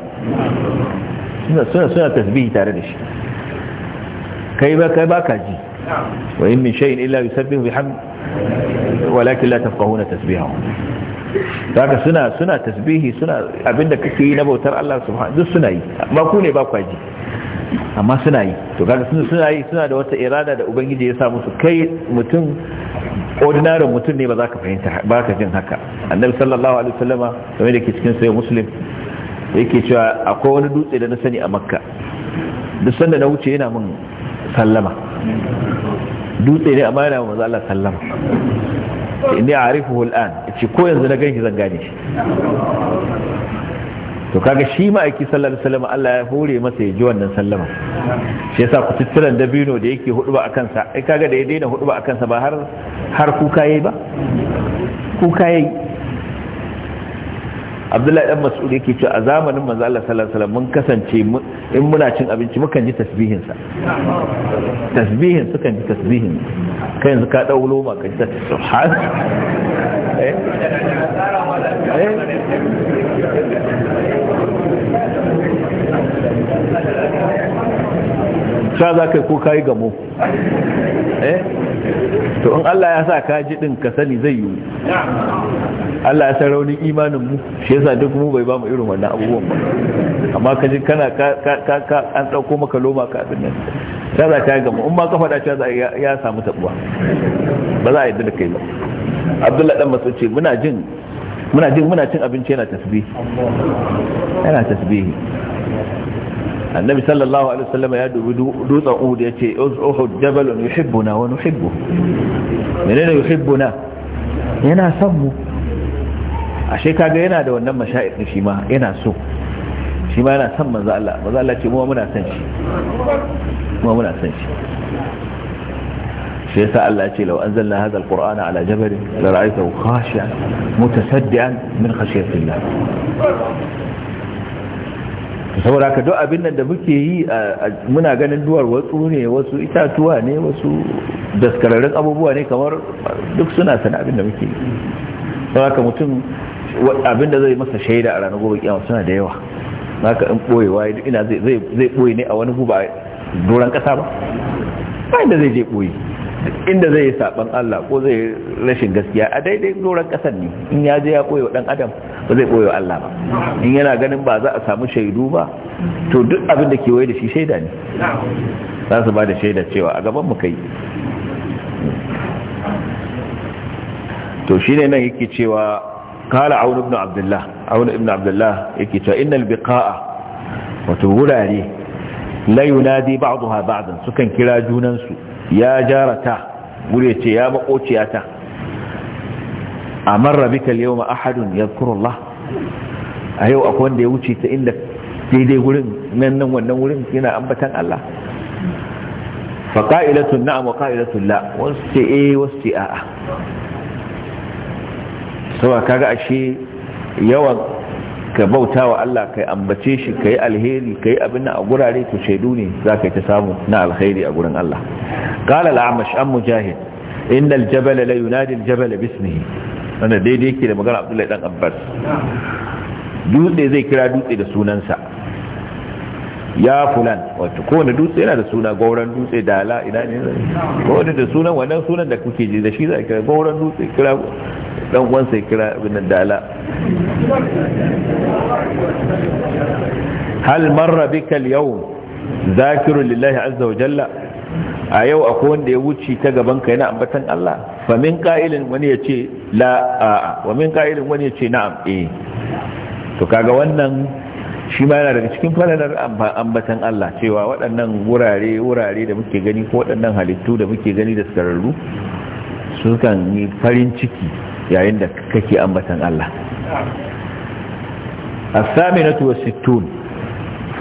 suna suna tasbihi tare da shi kai ba kai ba ka ji wa in min shay'in illa yusabbihu bihamdi walakin la tafqahuna tasbihahum daga suna suna tasbihi suna abinda kake yi na bautar Allah subhanahu duk suna yi ba ku ne ba ku amma suna yi to kaga suna suna yi suna da wata irada da ubangiji ya sa musu kai mutum ordinary mutum ne ba za ka fahimta ba ka jin haka annabi sallallahu alaihi wasallam kamar da ke cikin sai muslim yake cewa akwai wani dutse da na sani a makka duk sanda na wuce yana mun sallama dutse ne amma yana manzo Allah sallama inni a'rifuhu al'an ce ko yanzu na ganki zan gane shi to kaga shi ma'aiki sallallahu alaihi wasallam Allah ya hore masa ya ji wannan sallama shi yasa ku tuttulan dabino da yake hudu ba a kansa ai kaga da ya daina hudu ba a kansa ba har har kuka yayi ba kuka yayi Abdullahi dan Mas'ud yake cewa a zamanin manzo Allah sallallahu alaihi wasallam mun kasance in muna cin abinci mukan ji tasbihin sa tasbihin sukan ji tasbihin kai yanzu ka dau loma ka ji subhan eh, eh? sha za ka yi ko kayi gamo eh to in Allah ya sa ka ji din ka sani zai yi Allah ya san raunin imanin mu shi yasa duk mu bai ba mu irin wannan abubuwan ba amma ka ji kana ka ka ka an dauko maka loma ka abin nan sha za ka yi gamo in ma ka fada cewa za ya samu tabuwa ba za a yi da kai ba Abdullahi dan Mas'ud ce muna jin muna jin muna cin abinci yana tasbihi yana tasbihi annabi sallallahu alaihi wasallam ya dubi dutsen uhud ya ce uhud jabalun yuhibbuna wa nuhibbu menene yuhibbuna yana son mu ashe kaga yana da wannan mashayikin shi ma yana so shi ma yana son manzo Allah manzo Allah ce mu muna son shi mu muna son shi shi yasa Allah ce law anzalna hadha alqur'ana ala jabalin la ra'aytahu khashi'an mutasaddian min khashyati saboda ka duk abin nan da muke yi muna ganin duwar watsu ne wasu itatuwa ne wasu daskararrun abubuwa ne kamar duk suna sana abin da muke yi saboda ka mutum abin da zai masa shaida a ranar gobe kiyama suna da yawa ka in wa ina zai boye ne a wani guba doron kasa ba ba inda zai je boye inda zai yi saban Allah ko zai rashin gaskiya a daidai doron kasar ne in ya je ya koyo dan adam ba zai koyo Allah ba in yana ganin ba za a samu shaidu ba to duk abin da ke waye da shi shaida ne za su ba da shaida cewa a gaban mu kai to shine nan yake cewa kala aun ibn abdullah aun ibn abdullah yake cewa innal biqa'a wato wurare la yunadi ba'daha ba'dan sukan kira junan su ya jarata gure ce ya makociyata a marra bika yau ahadun ya Allah a yau akwai wanda ya wuce ta inda daidai wurin nan nan wannan wurin yana ambatan Allah faƙa'ilatun na'am wa ƙa'ilatun la wasu ce eh wasu ce a'a saboda kaga ashe yawan ka bauta wa Allah ka ambace shi ka yi alheri ka yi abin a gurare to shaidu ne za ka ta samu na alheri a gurin Allah qala la'amash an mujahid innal jabala la yunadi Jabala jabal bismihi daidai ke da magana Abdullahi dan Abbas dutse zai kira dutse da sunansa ya fulan wato kowane dutse yana da suna gauran dutse dala ina ne kowane da sunan wannan sunan da kuke ji da shi za a kira gauran dutse kira dan uwan sai kira ibn dala hal marra bika al-yawm zakiru lillahi azza wa jalla a yau akwai wanda ya wuce ta gaban ka yana ambatan Allah fa min qa'ilin wani ya ce la a wa min qa'ilin wani ya ce na'am eh to kaga wannan shi ma yana daga cikin falalar ambatan Allah cewa waɗannan wurare wurare da muke gani ko waɗannan halittu da muke gani da su sukan yi farin ciki yayin da kake ambatan Allah as-saminatu was-sittun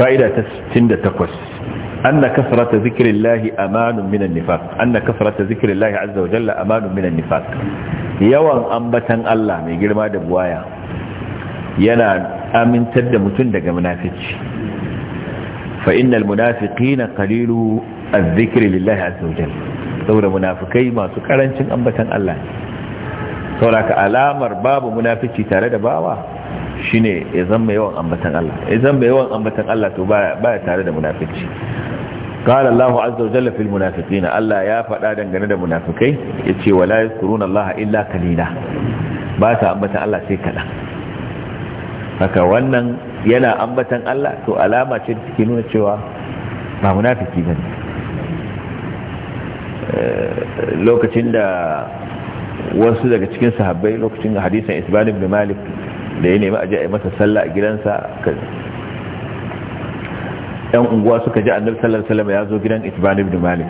fa'ida ta 68 anna zikirin zikrillahi amanun minan an nifaq anna zikirin lahi azza wa jalla amanun minan nifas, yawan ambatan Allah mai girma da buwaya yana amintar da mutum daga munafici fa innal munafiqina qalilu adh-dhikri lillahi azza wajal saboda munafikai masu karancin ambatan Allah saboda alamar babu munafici tare da bawa shine ya zama yawan ambatan Allah ya zama yawan ambatan Allah to baya baya tare da munafici قال الله عز وجل في المنافقين الله يا فدا dangane da munafikai yace wala yazkuruna Allah illa kalila ba ta ambata Allah sai kadan haka wannan yana ambatan Allah to alama ce da take nuna cewa ba munafiki ne. Eh, lokacin da wasu daga cikin sahabbai lokacin hadisin isbani bin Malik da ya nemi aje a masa sallah a gidansa ɗan unguwa suka ji annabi sallallahu alaihi wasallam ya zo gidan isbani bin Malik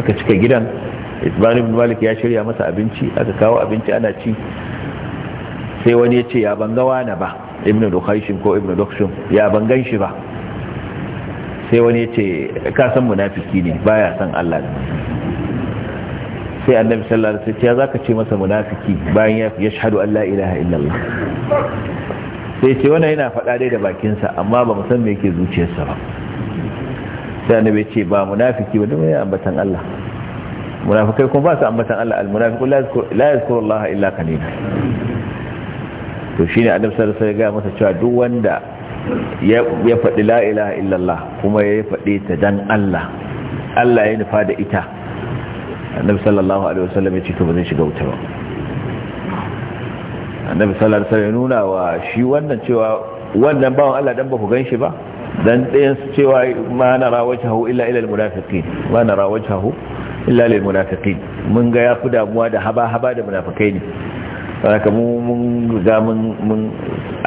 suka cika gidan isbani bin Malik ya shirya masa abinci aka kawo abinci ana ci sai wani ya ce ya ban banga wani ba ibnu dukhaishin ko ibnu dukhshin ya ban ganshi ba sai wani ya ce ka san munafiki ne baya san Allah sai annabi sallallahu alaihi wasallam ya zaka ce masa munafiki bayan ya shahadu an la ilaha illallah sai ce wannan yana faɗa dai da bakinsa amma ba mu san me yake zuciyarsa ba sai annabi ya ce ba munafiki ba dole ya ambatan Allah munafikai kuma ba su ambatan Allah al-munafiqu la yazkuru Allah illa qalila to shine annabi sallallahu alaihi wasallam ya gaya masa cewa duk wanda ya faɗi la ilaha illallah kuma ya faɗi ta dan Allah Allah ya nufa da ita annabi sallallahu alaihi wasallam ya ce to ba zai shiga wuta ba annabi sallallahu alaihi wasallam ya nuna wa shi wannan cewa wannan bawon Allah dan ba ku ganshi ba dan ɗayan su cewa ma na rawajahu illa ila munafiqin ma na rawajahu illa lil munafiqin mun ga ya fi damuwa da haba haba da munafikai ne haka mun riga mun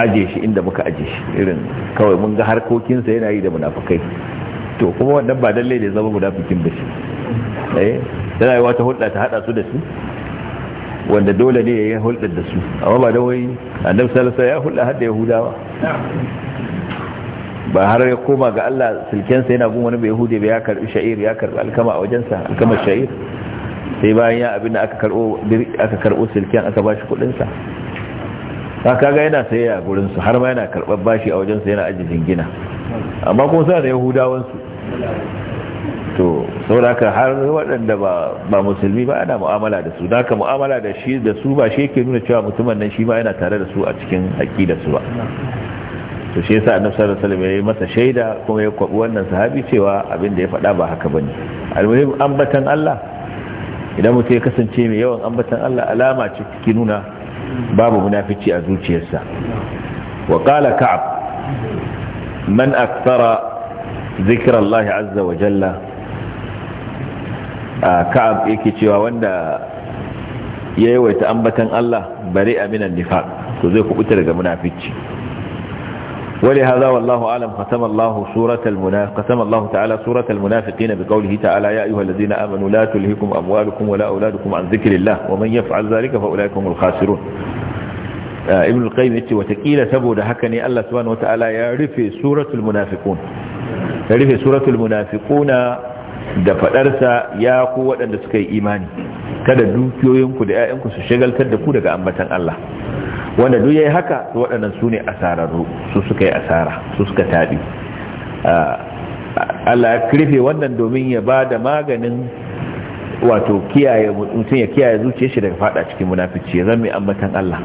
aje shi inda muka aje shi irin kawai mun ga harkokinsa yana yi da munafukai to kuma wannan ba dalle ne zama munafikin ba shi eh da yi wata hulɗa ta haɗa su da su wanda dole ne ya hulɗar da su amma ba da wai annabi sallallahu alaihi ya hulɗa hadda yahudawa ba har ya koma ga Allah silkensa yana gun wani bai yahudi ba ya karbi sha'ir ya karbi alkama a wajensa alkama sha'ir sai bayan ya abin da aka karɓo silken aka ba shi kudinsa ta kaga yana sayayya a gurinsu har ma yana karɓar bashi a wajensu yana ajin jingina amma kuma suna da yahudawansu to sauraka har waɗanda ba musulmi ba ana mu'amala da su da ka mu'amala da shi da su ba shi yake nuna cewa mutumin nan shi ma yana tare da su a cikin da su ba to shi yasa annabi sallallahu alaihi wasallam ya yi masa shaida kuma ya kwabi wannan sahabi cewa abin da ya faɗa ba haka bane almuhim ambatan Allah idan mutu ya kasance mai yawan ambatan Allah alama ce ke nuna babu munafici a zuciyarsa wa kala ka'ab man akthara zikirar Allah azza wa jalla ka'ab yake cewa wanda ya yawaita ambatan Allah bari a minan ko to zai kubuta daga munafici ولهذا والله أعلم ختم الله سورة المنافق ختم الله تعالى سورة المنافقين بقوله تعالى يا أيها الذين آمنوا لا تلهكم أموالكم ولا أولادكم عن ذكر الله ومن يفعل ذلك فأولئك هم الخاسرون آه ابن القيم يتي وتكيل سبود هكني الله سبحانه وتعالى يعرف سورة المنافقون يعرف سورة المنافقون da fadarsa ya ku waɗanda suka yi imani kada dukiyoyinku da 'ya'yanku su shagaltar da ku daga ambatan Allah wanda duk yayi haka to waɗannan su ne asararru su suka yi asara su suka tabi Allah ya kirfe wannan domin ya ba da maganin wato kiyaye mutum ya kiyaye zuciyar shi daga fada cikin munafici ya zama ambatan Allah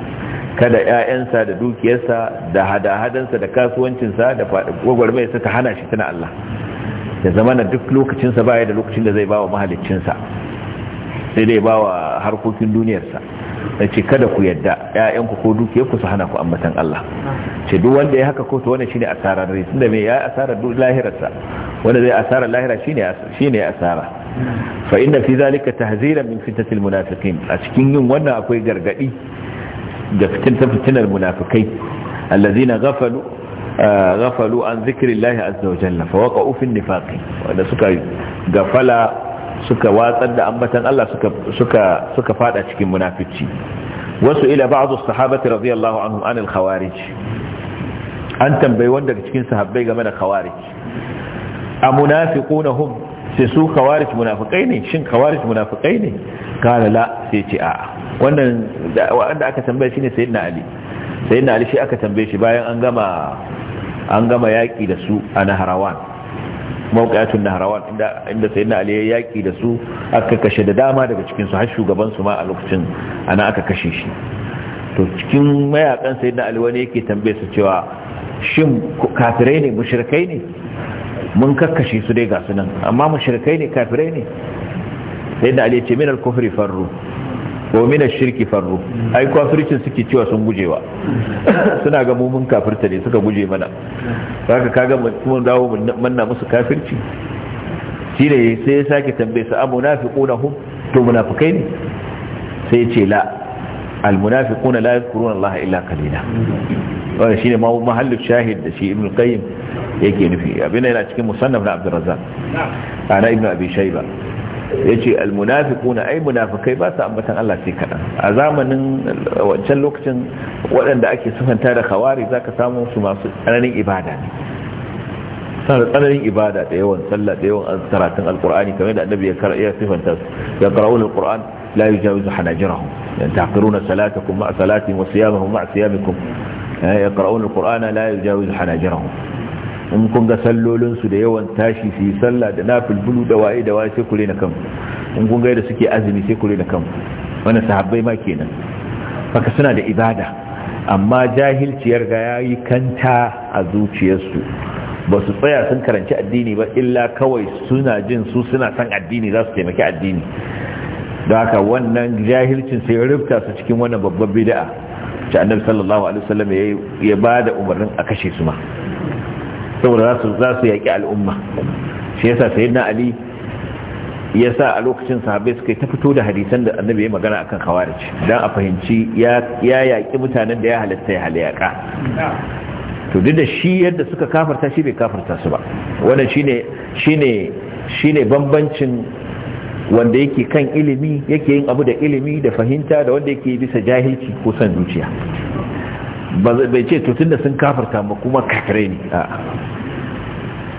kada ƴaƴansa da dukiyarsa da hada-hadansa da kasuwancinsa da gwagwarmayarsa ta hana shi tana Allah ya zama na duk lokacinsa baya da lokacin da zai ba wa mahaliccinsa sai dai ba wa harkokin duniyarsa Na ce kada ku yadda ‘ya'yanku ko dukiyarku su hana ku ambatan Allah ce duk wanda ya haka kotu wani shine asarar rai da mai ya asara duk lahirarsa wanda zai asara lahira shine ya asara fa inda fi zalika tahzira min fitatil munafiqin a cikin yin wannan akwai gargadi da fitinta fitinar munafikai allazina ghafalu gafalu an zikrillahi lahi wa jalla fa waqa'u fi nifaqi wanda suka gafala suka watsar da ambatan Allah suka fada cikin munafici wasu ila ba'd as-sahabati radiyallahu anhum anil khawarij an tambayi wanda cikin sahabbai game da khawarij a munafiqunahum sai su khawarij munafiqai ne shin khawarij munafiqai ne kala la sai ce a'a wannan wanda aka tambaye shine sayyidina ali sayyidina ali shi aka tambaye shi bayan an gama an gama yaki da su a naharawan mawuƙatun na inda inda sayyidina ali ya yaki da su aka kashe da dama daga cikin su har shugaban su ma a lokacin ana aka kashe shi to cikin mayakan sayidina ali wani yake tambaye su cewa shin kafirai ne mashirkai ne mun kakkashe su dai ga sunan amma mashirkai ne kafirai ne sayidina ali ya ce min al-kufri farru wa shirki farru ai kafircin suke cewa sun wa suna ga mumun kafirta ne suka guje mana haka kaga mun dawo mun manna musu kafirci shi ne sai ya sake tambaye su amunafiquna hum to munafikai ne sai ya ce la almunafiquna la yadhkuruna Allah illa qalila wannan ne ma mahallu shahid da shi ibn qayyim yake nufi abin da yana cikin musannaf na abdurrazzaq ana ibn abi shayba almunafi kuna ai munafikai ba su ambatan Allah sai kaɗan a zamanin wancan lokacin waɗanda ake sufanta da za zaka samu su masu tsananin ibada sana tsananin ibada da yawan sallah da yawan karatun alqur'ani kamar da annabi ya karanta sifanta su ya qara'un alqur'an la yujawizu hanajirahum yan eh, ya la in kun ga sallolinsu da yawan tashi su yi sallah da bulu da waye da waye sai kure na kan in kun ga da suke azumi sai kure na kan Wannan sahabbai ma kenan baka suna da ibada amma jahilciyar ga yayi kanta a zuciyarsu ba su tsaya sun karanci addini ba illa kawai suna jin su suna san addini za su taimaki addini da haka wannan jahilcin sai rufta su cikin wannan babban bid'a ta annabi sallallahu alaihi wasallam ya ba da umarnin a kashe su ma saboda za su yaƙi al'umma shi yasa na ali ya sa a lokacin sahabai suka ta fito da hadisan da annabi ya magana akan khawarij dan a fahimci ya yaƙi mutanen da ya halatta ya halayaka to duk da shi yadda suka kafarta shi bai kafarta su ba wannan shine shine shine bambancin wanda yake kan ilimi yake yin abu da ilimi da fahimta da wanda yake bisa jahilci ko san zuciya bai ce to tunda sun kafarta ma kuma kafirai ne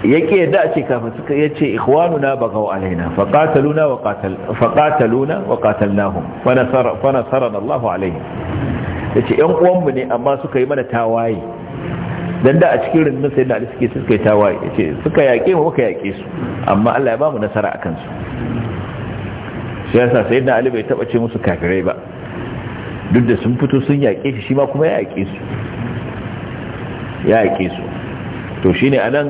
ya ke yadda a ce kafin suka ya ce ikhwanuna ba gawo alaina faƙataluna wa ƙatalnahun fanasarar Allah alaihi ya ce ‘yan uwanmu ne amma suka yi mana tawaye don da a cikin rindin sai da suke suka yi tawaye ya ce suka yaƙe mu muka yaƙe su amma Allah ya ba mu nasara a kansu shi yasa sai da Ali bai taɓa ce musu kafirai ba duk da sun fito sun yaƙe shi shi ma kuma ya yaƙe su ya yaƙe su to shine anan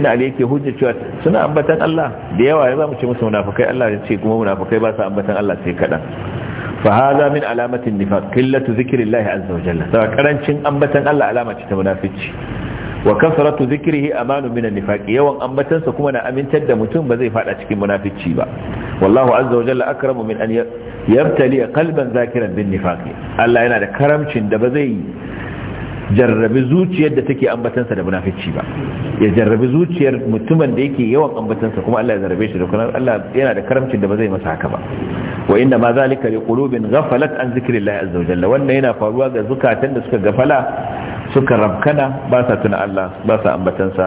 na ali yake hujja cewa suna ambatan Allah da yawa ya zamu ce musu munafakai Allah ya ce kuma munafakai ba su ambatan Allah sai kaɗan fa haza min alamatin nifaq qillatu zikrillahi azza wa jalla karancin ambatan Allah alama ce ta munafici wa kasratu zikrihi amanu min nifaki nifaq yawan ambatansa kuma na amintar da mutum ba zai fada cikin munafici ba wallahu azza wa jalla akramu min an yabtali qalban zakiran bin nifaki Allah yana da karamcin da ba zai jarrabi zuciyar da take ambatansa da munafici ba ya jarrabi zuciyar mutumin da yake yawan ambatansa kuma Allah ya zarrabe shi da kuma Allah yana da karamcin da ba zai masa haka ba wa inda ma zalika li qulubin ghafalat an zikrillah azza wa jalla wannan yana faruwa ga zukatan da suka gafala suka rabkana ba sa tuna Allah ba sa ambatansa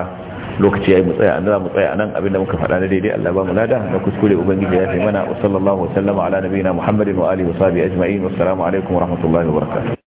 lokaci yayi mu tsaya an za mu tsaya anan abinda muka faɗa na daidai Allah ba mu lada da kuskure ubangiji ya taimana wa sallallahu wa sallama ala muhammadin wa alihi wa sahbihi ajma'in wassalamu alaikum wa rahmatullahi wa barakatuh